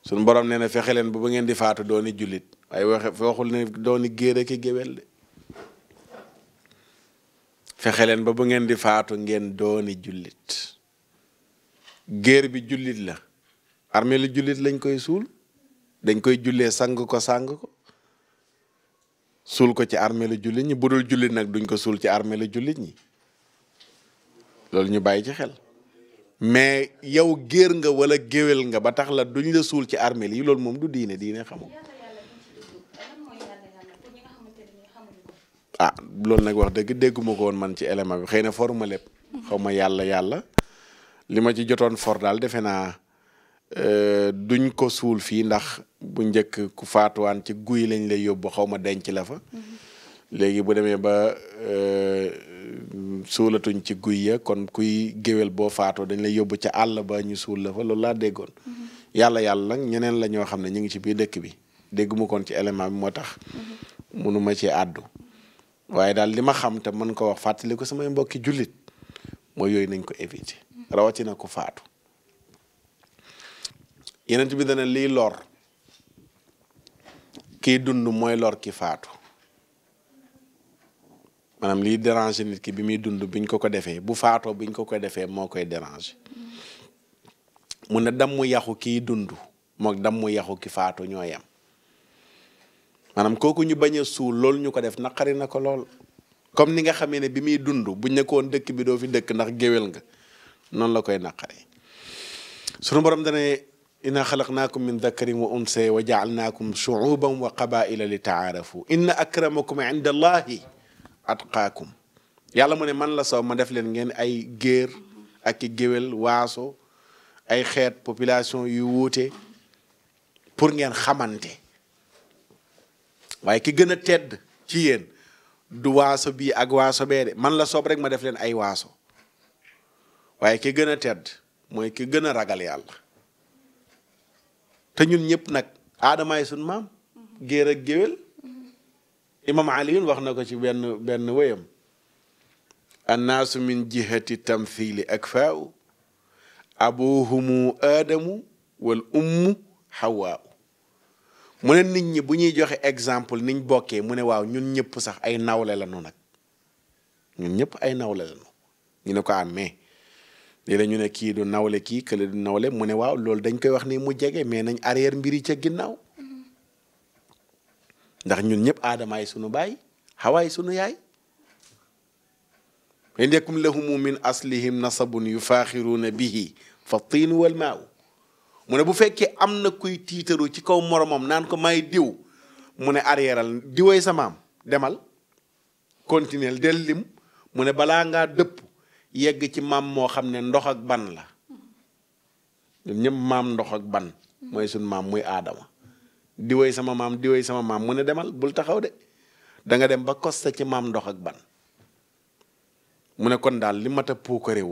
[SPEAKER 3] suñ borom nee na fexe leen ba ba ngeen di faatu dooni jullit waaye waxe waxul ne dooni géer ak géwél de fexe leen ba ba ngeen di faatu ngeen dooni jullit géer bi jullit la armée lu jullit lañ koy suul dañ koy jullee sang ko sang ko suul ko ci armeelu lu jullit ñi budul jullit nag duñ ko suul ci armeelu jullit ñi loolu ñu bàyyi ci xel mais yow géer nga wala géwél nga ba tax la duñ la suul ci armeel yi loolu moom du diine diine xamoo ah loolu nag wax dëgg dégguma ko woon man ci élément bi xëy na foruma lépp xaw ma yàlla yàlla li ma ci jotoon for daal defe naa euh, duñ ko suul fii ndax bu njëkk ku faatuwaan ci guy lañ lay yóbbu xaw ma denc la fa mm-hmm. léegi bu demee ba euh, suulatuñ ci guy ya kon kuy géwél boo faatoo dañ lay yóbbu ca àll ba ñu suul la fa loolu laa déggoon mm-hmm. yàlla yàlla nag ñeneen la ñoo xam ne ñu ngi ci biir dëkk bi dégguma koon ci élément bi moo tax mënuma mm-hmm. ci àddu waaye daal li ma xam te mën ko wax fàttali ko samay mbokki jullit mooy yooyu nañ ko éviter mm-hmm. rawatina ko faatu yeneen bi dana lii lor kii dund mooy lor ki faatu maanaam lii déranger nit ki bi muy dund biñ ko ko defee bu faatoo biñ ko ko defee moo koy déranger mu ne dammu yaxu dundu dund moog dammu yaxu ki faato ñoo yem maanaam kooku ñu bañ a suul loolu ñu ko def naqari na ko lool comme ni nga xamee ne bi muy dund buñ nekkoon dëkk bi doo fi dëkk ndax géwél nga noonu la koy naqari sunu borom dane inna xalaqnaakum min dakarin wa unsa wa jaalnaakum shuuban wa qabaila li taarafu inna akramakum inda allahi atqaakum yàlla mu ne man la saw ma def leen ngeen ay géer ak i géwél waaso ay xeet population yu wuute pour ngeen xamante waaye ki gën a tedd ci yéen du waaso bii ak waaso bee man la soob rek ma def leen ay waaso waaye ki gën a tedd mooy ki gën a ragal yàlla te ñun ñëpp nag aadamaay suñ maam géer ak géwél imam aliyun wax na ko ci benn benn wéyam annaasu min jihati tamthili akfaau abuhumu aadamu wal ummu hawaau mu ne nit ñi bu ñuy joxe exemple niñ bokkee mu ne waaw ñun ñëpp sax ay nawle la ñu nag ñun ñëpp ay nawle la ñu ne ko amee ah, léeg-léeg ñu ne kii du nawle kii kële du nawle mu ne waaw loolu dañ koy wax ni mu jege mais nañ arrière mbir yi ca ginnaaw ndax ñun ñëpp aadamaay sunu baay xawaay sunu yaay in yakun lahumu min aslihim nasabun yufaaxiruuna bihi fa tiinu wal maaw mu ne bu fekkee am na kuy tiitaru ci kaw moromam naan ko may diw mu ne arriéral diwee sa maam demal continuel del lim mu ne balaa ngaa dëpp yegg ci maam moo xam ne ndox ak ban la ñun ñëpp maam ndox ban mooy sunu maam muy aadama di woy sama maam di woy sama maam mu ne demal bul taxaw de da nga dem ba kosta ci maam ndox ak ban mu ne kon daal li mat a puukare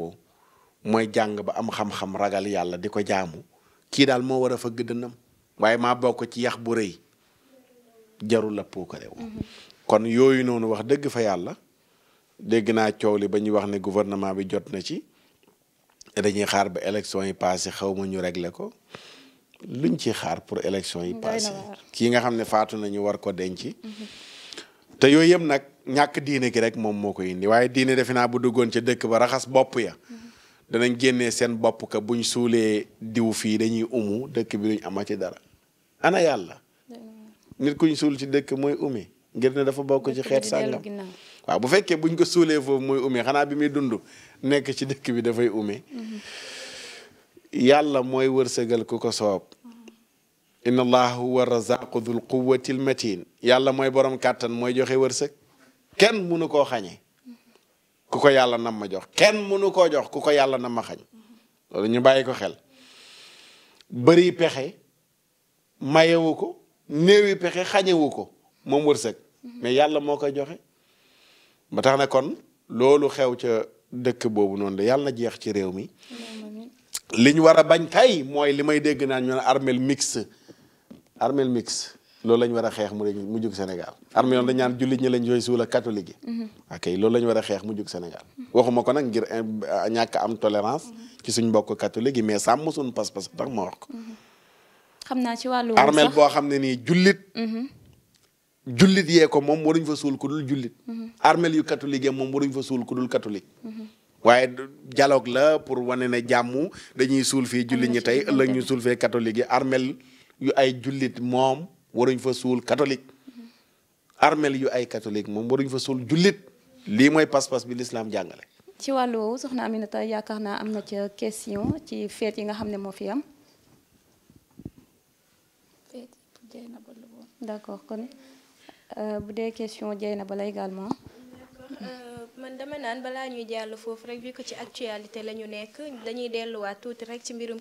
[SPEAKER 3] mooy jàng ba am xam-xam ragal yàlla di ko jaamu kii daal moo war a fëgg dënnam waaye maa bokk ci yax bu rëy jarul la puukare
[SPEAKER 5] mm-hmm.
[SPEAKER 3] kon yooyu noonu wax dëgg fa yàlla dégg naa coow li ba ñuy wax ne gouvernement bi jot na ci dañuy xaar ba élection yi passé xaw ma ñu regle ko luñ ci xaar pour élection yi passé kii nga xam ne faatu nañu war ko denc te yooyu yëpp nag ñàkk diine ki rek moom moo ko indi waaye diine defe naa bu duggoon ca dëkk ba raxas bopp ya danañ génnee seen bopp ka buñ suulee diw fii dañuy umu dëkk bi duñ ama ci dara ana yàlla nit kuñ suul ci dëkk mooy ume ngir ne dafa bokk ci xeet sàngam waaw bu fekkee buñ ko suulee foofu mooy ume xanaa bi muy dund nekk ci dëkk bi dafay ume mhm. yàlla mooy wërsëgal ku ko soob inna allaha huwa razaqu dul quwati almatin yàlla mooy borom kàttan mooy joxe wërsëg kenn munu koo xañe ku ko yàlla nam jox kenn munu koo jox ku ko yàlla nam ma xañ ñu bàyyi ko xel bari pexe mayewu ko néewi pexe xañewu ko moom wërsëg mais yàlla moo koy joxe ba tax na kon loolu xew ca dëkk boobu noonu la yàlla jeex ci réew mi li ñu war a bañ kay mooy li may dégg naan ñu ne armel mixte armel mixte loolu la war a xeex mu ne mu jug Sénégal armeel yoon dañ naan jullit ñi lañ jooy suula catholique yi. Mm-hmm. loolu la ñu war a xeex mu jug Sénégal. waxuma ko nag ngir eh, ñàkk am tolérance. Mm-hmm. ci suñ mbokk catholique yi mais sàmm suñu pas-pas tax ma wax ko.
[SPEAKER 1] Mm-hmm. xam naa ci wàllu armel
[SPEAKER 3] boo xam ne nii jullit. jullit yee ko moom waruñ fa suul ku dul jullit. armel yu catholique yi moom waruñ fa suul ku dul catholique. waaye jaloog la pour wane ne jàmm dañuy suul fii jullit ñi tey ëllëg ñu suul fee catholique yi armel yu ay jullit moom waruñ fa suul catholique mm-hmm. armeel yu ay catholique moom waruñ fa suul jullit lii mooy pas-pas bi lislaam jàngale
[SPEAKER 1] ci wàllu woowu soxna Aminata yaakaar naa am na ca question ci feet yi nga xam ne moo fi am d'accord kon euh, bu dee question na la également
[SPEAKER 4] man dema naan balaa ñuy jàll foofu rek bi ko ci actualité la ñu nekk dañuy delluwaat tuuti rek ci mbirum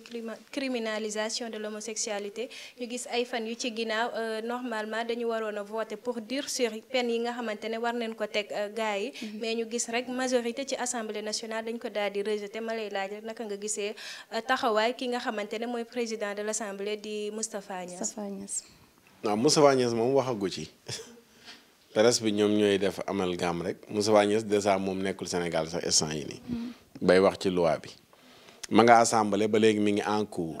[SPEAKER 4] criminalisation de l'homosexualité ñu gis ay fan yu ci ginnaaw euh, normalement dañu waroon a voter pour durcir peine yi nga xamante ne war nañ ko teg euh, gars yi. Mm-hmm. mais ñu gis rek majorité ci assemblée nationale dañ ko daal di rejeter ma lay laaj rek naka nga gisee euh, taxawaay ki nga xamante ne mooy président de l'assemblée di Moustapha Niass. Moustapha Niass.
[SPEAKER 3] mo Moustapha Niass moom presse bi ñoom ñooy def amalgame rek sa Niasse dèjà moom nekkul Sénégal sax instant yi nii. Hmm. bay wax ci loi bi. ma nga assemblée ba léegi mi ngi en cours.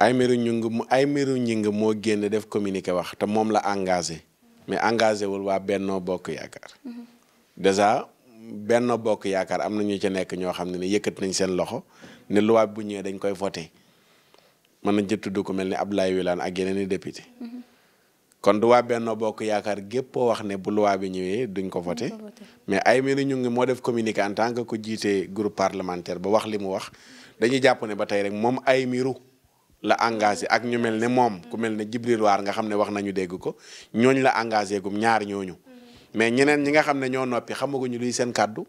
[SPEAKER 3] Aymérou Gningue mu Aymérou Gningue moo génn def communiqué wax te moom la engagé mais engagé wul waa Bennoo Bokk Yaakaar. Hmm. dèjà Bennoo Bokk Yaakaar am na ñu ci nekk ñoo xam ne yëkkat nañ seen loxo ne loi bu ñëwee dañ koy voté mën nañ jëtt tudd ko mel ni Abdoulaye Wilane ak yeneen i député. Hmm. kon du waa benn Bokk Yaakaar gépp wax ne bu loi bi ñëwee duñ ko voté mais Aymérou Gningue moo def communiqué en tant que ku jiite groupe parlementaire ba wax li mu wax dañuy jàpp ne ba tey rek moom Aymérou la engagé ak ñu mel ne moom ku mel ne Djibril War nga xam ne wax nañu dégg ko ñooñu la engagé gum ñaar ñooñu mais ñeneen ñi nga xam ne ñoo noppi ñu luy seen kàddu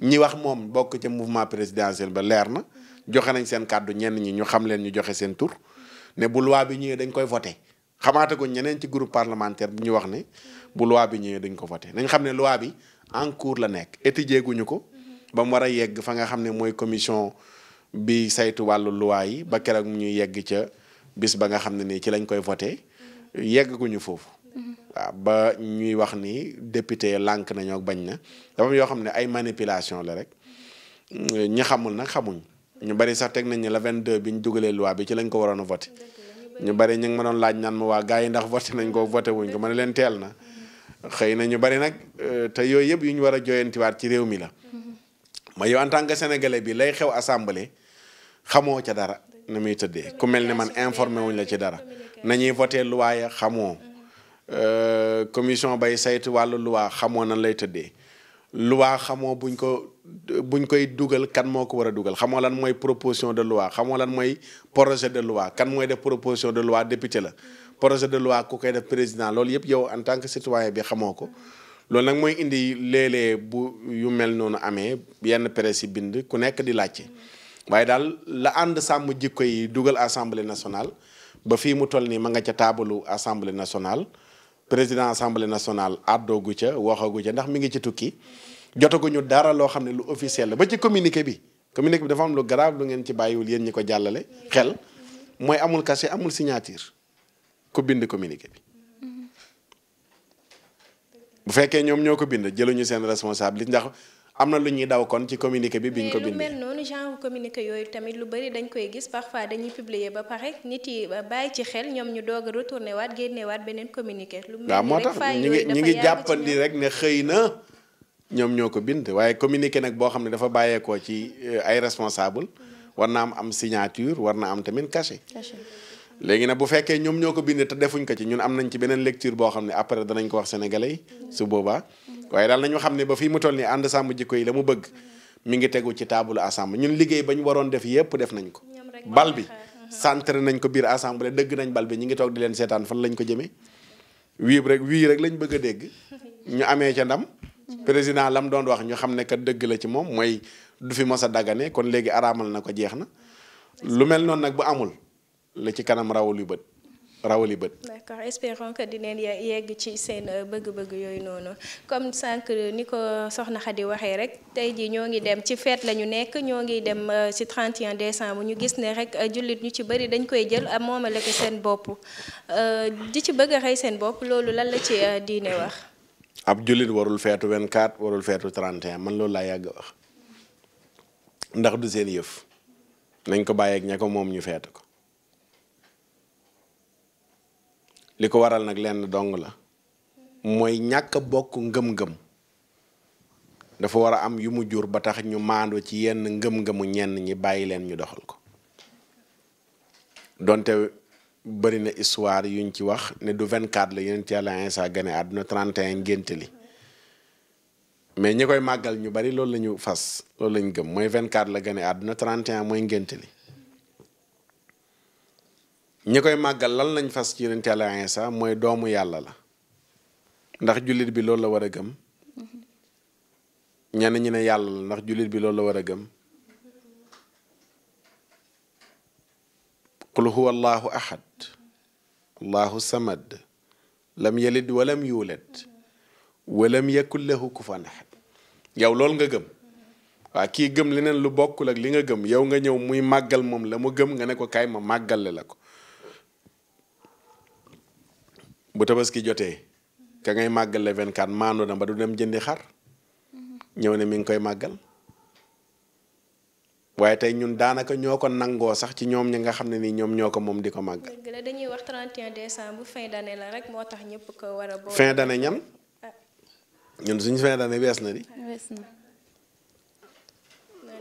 [SPEAKER 3] ñi wax moom bokk ca mouvement présidentiel ba leer na joxe nañ seen kàddu ñenn ñi ñu xam leen ñu joxe seen ne bu loi bi ñëwee dañ koy xamaataguñ ñeneen ci groupe parlementaire bu ñu wax ni bu loi bi ñëwee dañ ko voté nañ xam ne loi bi en cours la nekk étudier guñu ko ba mu war a yegg fa nga xam ne mooy commission bi saytu wàllu loi yi ba keroog ñu yegg ca bis ba nga xam ne nii ci lañ koy vote yegg guñu foofu. waaw ba ñuy wax ni député lànk nañoo bañ na dafa yoo xam ne ay manipulation la rek ñi xamul nag xamuñ ñu bari sax teg nañ ne la 22 bi ñu dugalee loi bi ci lañ ko waroon a voté. ñu bari ñu ngi ma doon laaj naan ma waa gars yi ndax voté nañ ko voté wuñ ko ma ne leen teel na xëy na ñu bari nag euh, te yooyu yëpp yu ñu war a joyantiwaat ci réew mi la. ma yow en tant que sénégalais bi lay xew assemblée xamoo ca dara na muy tëddee ku mel ne man informé wuñ la ci dara nañuy voté loi ya xamoo euh, commission bay saytu wàllu luwaa xamoo nan lay tëddee loi xamoo buñ ko. buñ koy dugal kan moo ko war a dugal xamoo lan mooy proposition de loi xamoo lan mooy projet de loi kan mooy def proposition de loi député la projet de loi ku koy def président loolu yëpp yow en tant que citoyen bi xamoo ko loolu nag mooy indi léeg bu yu mel noonu amee yenn presse yi bind ku nekk di laajte waaye daal la ànd sàmm jikko yi dugal assemblée nationale ba fii mu toll nii ma nga ca taabalu assemblée nationale président assemblée nationale àddoogu ca waxagu ca ndax mi ngi ci tukki jotaguñu dara loo xam ne lu officiel la ba ci communiqué bi communiqué bi dafa am lu garab lu ngeen ci bàyyiwul yéen ñi ko jàllale xel mooy amul kase amul signature ku bind communiqué bi bu fekkee ñoom ñoo ko bind jëluñu seen responsabilité ndax am na lu ñuy daw kon ci communiqué bi biñ ko bindee mais
[SPEAKER 4] lu yooyu tamit lu bari dañ koy gis parfois dañuy publier ba pare nit yi bàyyi ci xel ñoom ñu doog a retourné waat génnewaat beneen communiqué. lu mel ni rek faa yooyu moo tax ñu ngi ñu ngi jàppandi
[SPEAKER 3] rek ne xëy na. ñoom ñoo ko bind waaye communiqué nag boo xam ne dafa bàyyeekoo ci euh, ay responsable war na am am signature war na am tamit cachet. léegi nag bu fekkee ñoom ñoo ko bind te defuñ ko ci ñun am nañ ci beneen lecture boo xam ne après danañ ko wax sénégalais yi su boobaa. waaye daal nañu xam ne ba fii mu toll nii ànd sàmm jikko yi la mu bëgg mi ngi tegu ci table assemblée ñun liggéey ba ñu waroon def yépp def nañ ko. bal bi centré nañ ko biir assemblée dëgg nañ bal bi ñu ngi toog di leen seetaan fan lañ ko jëmee wii rek wii rek lañ bëgg a dégg ñu amee ca ndam. président lam doon wax ñu xam ne kat dëgg la ci moom mooy du fi mos a dagane kon léegi araamal na ko jeex na lu mel noon nag bu amul la ci kanam rawul yu bët rawali bët.
[SPEAKER 4] d'accord espérons que dinañ yegg ci seen euh, bëgg-bëgg yooyu noonu comme sànq ni ko soxna Khady waxee rek tey jii ñoo ngi dem ci fête la ñu nekk ñoo ngi dem euh, ci 31 décembre ñu gis ne rek euh, jullit ñu ci bëri dañ koy jël moomale ko seen bopp di ci bëgg a rey seen bopp loolu lan ci
[SPEAKER 3] ab jullit warul feetu 24 warul feetu 31 man loolu laa yàgg wax ndax du seen yëf nañ ko bàyyeek ña moom ñu feet ko li ko waral nag lenn dong la mooy ñàkk bokk ngëm-ngëm dafa war a am yu mu jur ba tax ñu maandu ci yenn ngëm-ngëmu ñenn ñi bàyyi leen ñu doxal ko donte bëri na histoire yuñ ci wax ne du vingt 24 la yonent yàlla Isa gane àdduna 31 ngénte li mais ñi koy màggal ñu bari loolu lañu fas loolu lañu gëm mooy 24 la gane àdduna 31 mooy ngénte li ñi koy màggal lan lañ fas ci yonent yàlla Isa mooy doomu yàlla la ndax jullit bi loolu la war a gëm mhm. ñenn ñi ne yàlla la ndax jullit bi loolu la war a gëm qul huwa allahu ahad allahu samad lam yalid walam yuulad walam yakun lahu kufan ahad yow loolu nga gëm waa kii gëm leneen lu bokkul ak li nga gëm yow nga ñëw muy màggal moom la mu gëm nga ne ko kaay ma màggale la ko bu tabaski jotee ka ngay màggal le 24 maandu na ba du dem jëndi xar ñëw ne mi ngi koy màggal waaye tey ñun daanaka ñoo ko nangoo sax ci ñoom ñi nga xam ne nii ñoom ñoo ko moom di ko màgg dëgg
[SPEAKER 4] la dañuy wax 31 décembre fin d'année la rek moo tax ñëpp ko war a fin d'année ñan ah.
[SPEAKER 3] ñun suñu fin d'année wees na di.
[SPEAKER 4] wees na.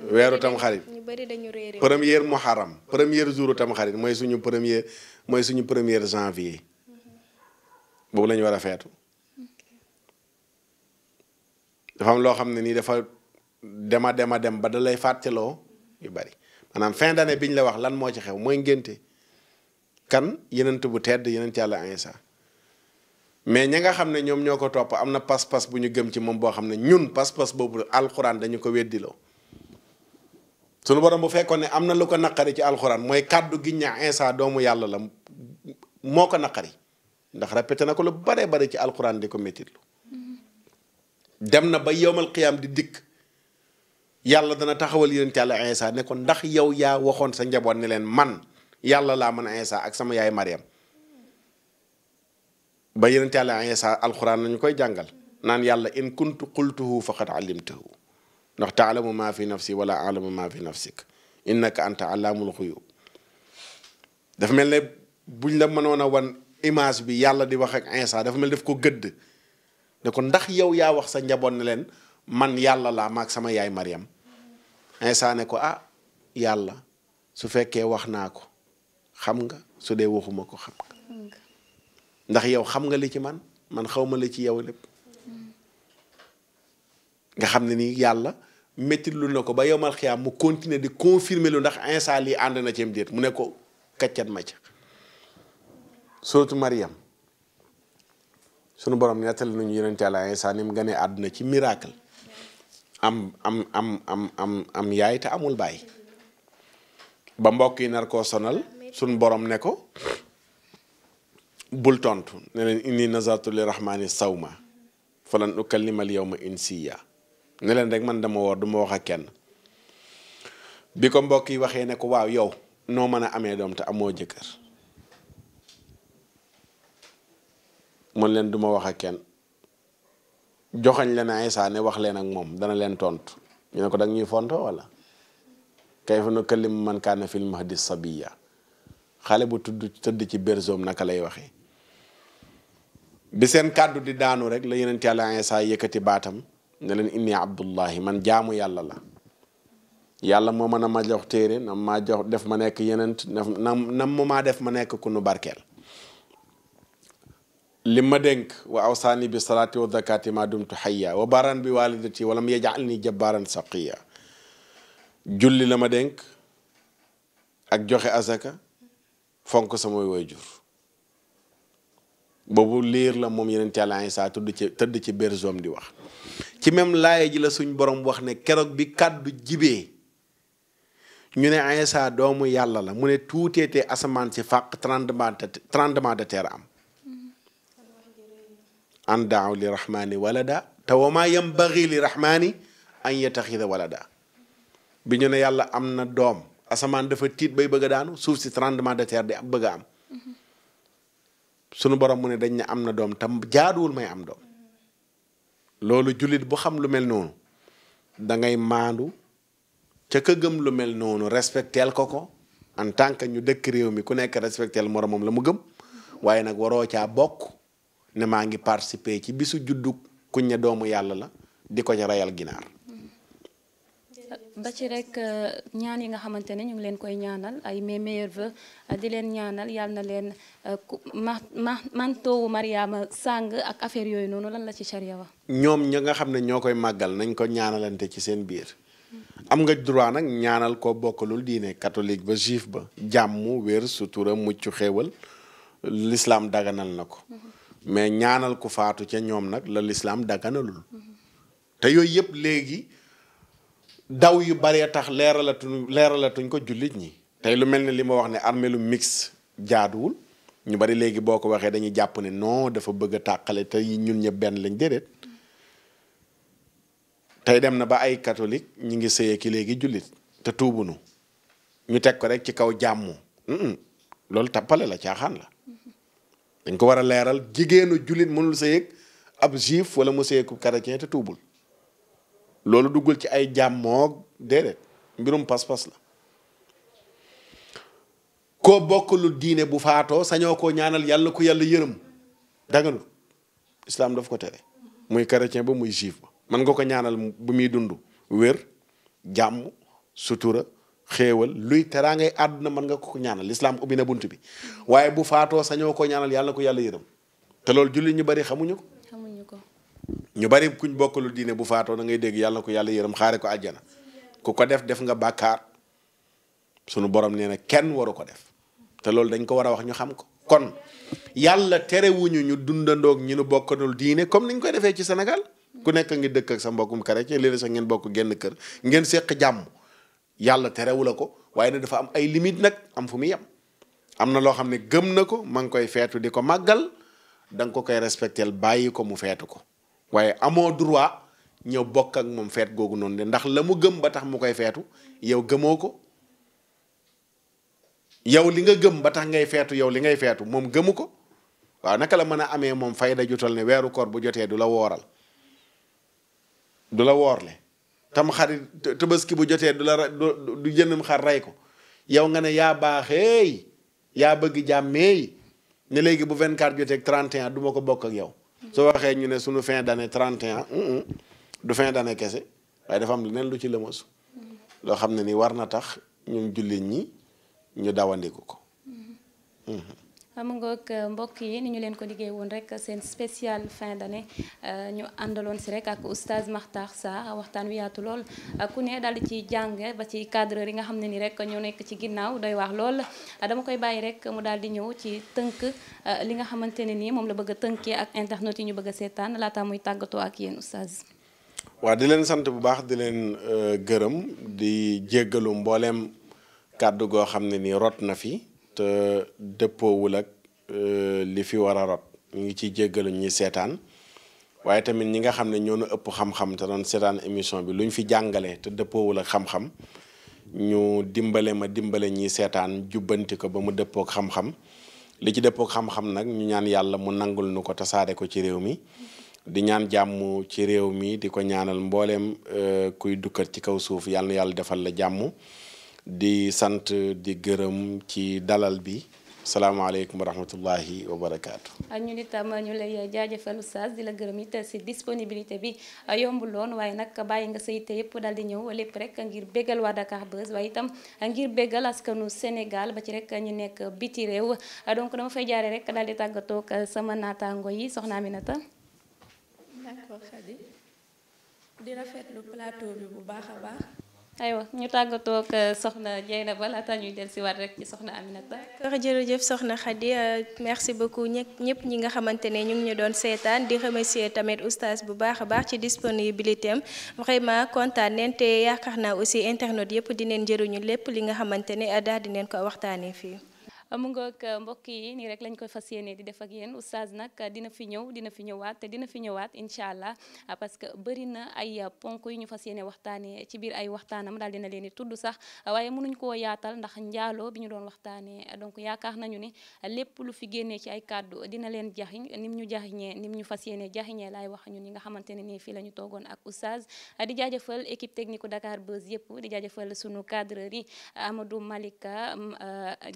[SPEAKER 4] weeru tam xarit ñu première muharram
[SPEAKER 3] première jour tam xarit mooy suñu premier mooy suñu première janvier mm-hmm. boobu la ñu war a feetu dafa loo xam ne nii dafa dema dema dem ba da lay fàtteloo yu bari maanaam fin d'année bi ñu la wax lan moo ci xew mooy ngénte kan yenent bu tedd yenent yàlla Iisaa mais ñi nga xam ne ñoom ñoo ko topp am na pas-pas bu ñu gëm ci moom boo xam ne ñun pas-pas boobu alxuraan dañu ko weddiloo sunu borom bu fekkoon ne am na lu ko naqari ci alxuraan mooy kàddu gi ña Iisaa doomu yàlla la moo ko naqari ndax répété na ko lu bare bare ci alxuraan di ko méttitlu mm-hmm. dem na ba yowmal qiyaam di dikk yàlla dana taxawal yonent yàlla Insa ne ko ndax yow yaa waxoon sa njaboot ne leen man yàlla laa mën a Insa ak sama yaay Mariam ba yonent yàlla Insa alxuraan lañu koy jàngal naan yàlla in kuntu qultuhu faqad alimtahu ndax taalamu maa fi nafsi wala alamu maa fi nafsik innaka anta allaamul xuyub dafa mel ne buñ la mënoon a wan image bi yàlla di wax ak Insa dafa mel def ko gëdd ne ko ndax yow yaa wax sa njaboot ne leen man yàlla laa maak sama yaay Mariam Insa ne ko ah yàlla su fekkee wax naa ko xam nga su dee waxuma ko xam
[SPEAKER 5] nga
[SPEAKER 3] ndax yow xam nga li ci man man xaw ma li ci yow lépp nga xam ne nii yàlla métti lu na ko ba yowmal xiyaam mu continuer di confirmer lu ndax Insa lii ànd na ci am mu ne ko kaccat ma ca surtout Mariam sunu borom nettali nañu yonente Yàlla Insa ni mu gane àdduna ci miracle am am am am am am yaay te amul baay ba mbokk yi nar koo sonal sun borom ne ko bul tontu ne leen inni nazartu li rahmaani sawma falan ukallima al yawma insiya ne leen rek man dama woor du ma wax ak kenn bi ko mbokk yi waxee ne ko waaw yow noo mën a amee doom te amoo jëkkër mun leen duma wax ak kenn joxañ leen Isaa ne wax leen ak moom dana leen tontu ñu ne ko dag ñuy fonto wala kayfa nukallimu man kaana fil mahdi sabiya xale bu tudd tëdd ci berzoom naka lay waxee bi seen kàddu di daanu rek la yeneen yàlla saa yëkkati baatam ne leen inni abdullahi man jaamu yàlla la yàlla moo mën a ma jox téere na ma jox def ma nekk yeneen na na ma maa def ma nekk ku nu barkeel li ma dénk wa awsaani bi salaati wa zakaati ma dumtu xayya wa baran bi walidati walam yajalni jabbaran saqiya julli la ma denk ak joxe asaka fonk samay waajur boobu liir la moom yeneen te àlla saa tudd ci tëdd ci berzoom di wax ci même laaye ji la suñ borom wax ne keroog bi kàddu jibee ñu ne Aïssa doomu yàlla la mu ne tuutee te asamaan si fàq tremblement de terre am an daaw li rahmaani walada te wa maa yambagi li rahmaani an yataxida walada bi ñu ne yàlla am na doom asamaan dafa tiit bay bëgga daanu suuf si tremblement de terre di am bëgg am sunu borom mu ne dañ ne am na doom tam jaaduwul may am doom loolu jullit bu xam lu mel noonu da ngay maandu ca ka gëm lu mel noonu respectel ko ko en tant que ñu dëkk réew mi ku nekk respecteel moromam la mu gëm waaye nag waroo caa bokk. ne maa ngi participer ci bisu juddu kuñ ne doomu yàlla la di ko ca reyal ginaar.
[SPEAKER 1] ba ci rek euh, ñaan yi nga xamante ne ñu ngi leen koy ñaanal ay mes meilleurs vœux euh, di leen ñaanal yàlla na leen euh, ma ma mantoowu Mariama sàng ak affaire yooyu noonu lan la ci charia wax.
[SPEAKER 3] ñoom ñi nga xam ne ñoo koy màggal nañ ko ñaanalante ci seen biir. am nga droit nag ñaanal ko bokkalul diine katolik ba juif ba. jàmm wér sutura mucc xéewal lislaam daganal na ko. mais ñaanal ku faatu ca ñoom nag la lislaam daganalul te yooyu yëpp léegi daw yu baree tax leeralatuñ ko jullit ñi tey lu mel ne li ma wax ne armée lu mix jaaduwul ñu bari léegi boo ko waxee dañuy jàpp ne non dafa bëgg a tàqale te ñun ñëpp benn lañ déedéet tey dem na ba ay catholique ñi ngi sëyee ki léegi jullit te tuubunu ñu teg ko rek ci kaw jàmm loolu tappale la caaxaan la dañ ko war a leeral jigéenu jullit mënul sëyeeg ab juif wala mu sëyeeg chrétien te tuubul loolu duggul ci ay jàmmoog déedéet mbirum pas-pas la koo bokk lu diine bu faatoo sañoo ko ñaanal yàlla ko yàlla yërëm daganul islaam daf ko tere muy chrétien ba muy juif ba mën nga ko ñaanal bu muy dund wér jàmm sutura xéewal luy teraangay àdduna man nga ko ñaanal lislaam ubbi na bunt bi waaye bu faatoo sañoo ko ñaanal yàlla ko yàlla yërëm te loolu julli ñu bari xamuñu ko. xamuñu ko ñu bari kuñ bokkalu diine bu faatoo da ngay dégg yàlla ko yàlla yërëm xaare ko àjjana ku ko def def nga bàkkaar sunu borom nee na kenn waru ko def te loolu dañ ko war a wax ñu xam ko kon yàlla terewuñu ñu dundandoog ñu nu bokkanul diine comme niñ koy defee ci senegal ku nekk ngi dëkk ak sa mbokkum chrétien léeg-léeg sax ngeen bokk genn kër ngeen seq jàmm yàlla terewu la ko waaye nag dafa am ay limite nag am fu muy yem am na loo xam ne gëm na ko ma ngi koy feetu di ko màggal danga ko koy respectel bàyyi ko mu feetu ko waaye amoo droit ñëw bokk ak moom feet googu noonu de ndax la mu gëm ba tax mu koy feetu yow gëmoo ko yow li nga gëm ba tax ngay feetu yow li ngay feetu moom gëmu ko waaw naka la mën a amee moom fayda jutal ne weeru koor bu jotee du la wooral du la woorle tam xarit tabaski bu jotee du la du jëndum xar rey ko yow nga ne yaa baaxeey yaa bëgg jàmmeey ne léegi bu vingt jotee ak 31 du ma ko bokk ak yow. soo waxee ñu ne suñu fin d' année 31 du fin d' année kese waaye dafa am leneen lu ci lëmasu loo xam ne ni war na tax ñun jullit ñi ñu dawandiku ko. Mm-hmm.
[SPEAKER 1] mu ngoog mbokk yi ni ñu leen ko liggéey woon rek seen spécial fin d'année euh, ñu àndaloon si rek ak oustaz Makhtar Sarr waxtaan wi yaatu lool ku ne daal di ci jàng ba ci cadre yi nga xam ne ni rek ñoo nekk ci ginnaaw doy wax lool dama koy bàyyi rek mu daal di ñëw ci tënk euh, li nga xamante ne nii moom la bëgg a tënkee ak internet yi ñu bëgg a seetaan laata muy tàggatoo ak yéen oustaz.
[SPEAKER 3] waaw di leen sant bu baax di leen euh, gërëm di jéggalu mbooleem kàddu goo xam ne nii rot na fi te dëppoowul ak euh, li fi war a rot ñu ngi ciy jéggalu ñi seetaan waaye tamit ñi nga xam ne ñoo nu ëpp xam-xam te doon seetaan émission bi lu ñu fi jàngalee te dëppoowul ak xam-xam ñu dimbale ma dimbale ñi seetaan jubbanti ko ba mu dëppoo ak xam-xam li ci dëppoo ak xam-xam nag ñu ñaan yàlla mu nangul nu ko tasaare ko ci réew mi di ñaan jàmm ci réew mi di ko ñaanal mbooleem euh, kuy dukkat ci kaw suuf yàlla yàlla defal la jàmmu di sant di gërëm ci dalal bi salaamaaleykum wa rahmatullahi wa barakaatu.
[SPEAKER 1] ñu ni tam ñu lay jaajëfal oustaz di la gërëm it si disponibilité bi yombul loon waaye nag bàyyi nga sa yitte yëpp daal di ñëw lépp rek ngir bégal waa Dakar Buzz waaye itam ngir bégal askanu Sénégal ba ci rek ñu nekk biti réew donc dama fay jaaree rek daal di tàggatoo ak sama naataango yi soxna Aminata.
[SPEAKER 2] d'accord Khady plateau bi bu baax a baax.
[SPEAKER 1] aywa ñu tàggatoo ak euh, soxna Dieynaba laata ñuy dellusiwaat rek ci soxna Aminata.
[SPEAKER 4] d'accord jërëjëf soxna Khady euh, merci beaucoup ñëpp ñi nga xamante ne ñu ngi ñu doon seetaan di remercier tamit oustaz bu baax a baax ci disponibilité am vraiment kontaan nañ te yaakaar naa aussi internet yëpp dineen njëriñu lépp li nga xamante ne daal dineen ko waxtaanee fii.
[SPEAKER 1] mu ngoog uh, mbokk yi nii rek lañ koy fas yéene di def ak yéen oustaz nag uh, dina fi ñëw dina fi ñëwaat te dina fi ñëwaat incha allah uh, parce que bëri na ay ponk yu ñu fas yéene waxtaanee ci biir ay waxtaanam daal dina leen di tudd sax waaye mënuñ koo yaatal ndax njaaloo bi ñu doon waxtaanee donc yaakaar nañu ni lépp lu fi génnee ci ay kàddu dina leen jaxiñ nim ñu jaxiñee nim ñu fas yéene jaxiñee laay wax ñun ñi nga xamante ne nii fii la ñu toogoon ak oustaz di jaajafal équipe technique Dakar Buzz yëpp di jaajëfal sunu cadreur yi Amadou Malika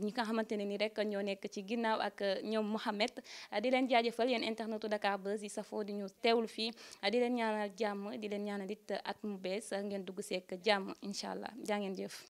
[SPEAKER 1] ñi nga xamante ne ne ni rek ñoo nekk ci ginnaaw ak euh, ñoom Mohamed di leen jaajëfal yéen internetu Dakar Buzz yi safoo di ñu teewlu fii di leen ñaanal jàmm di leen ñaanal it at mu bees ngeen dugg seek jàmm incha allah jaa jëf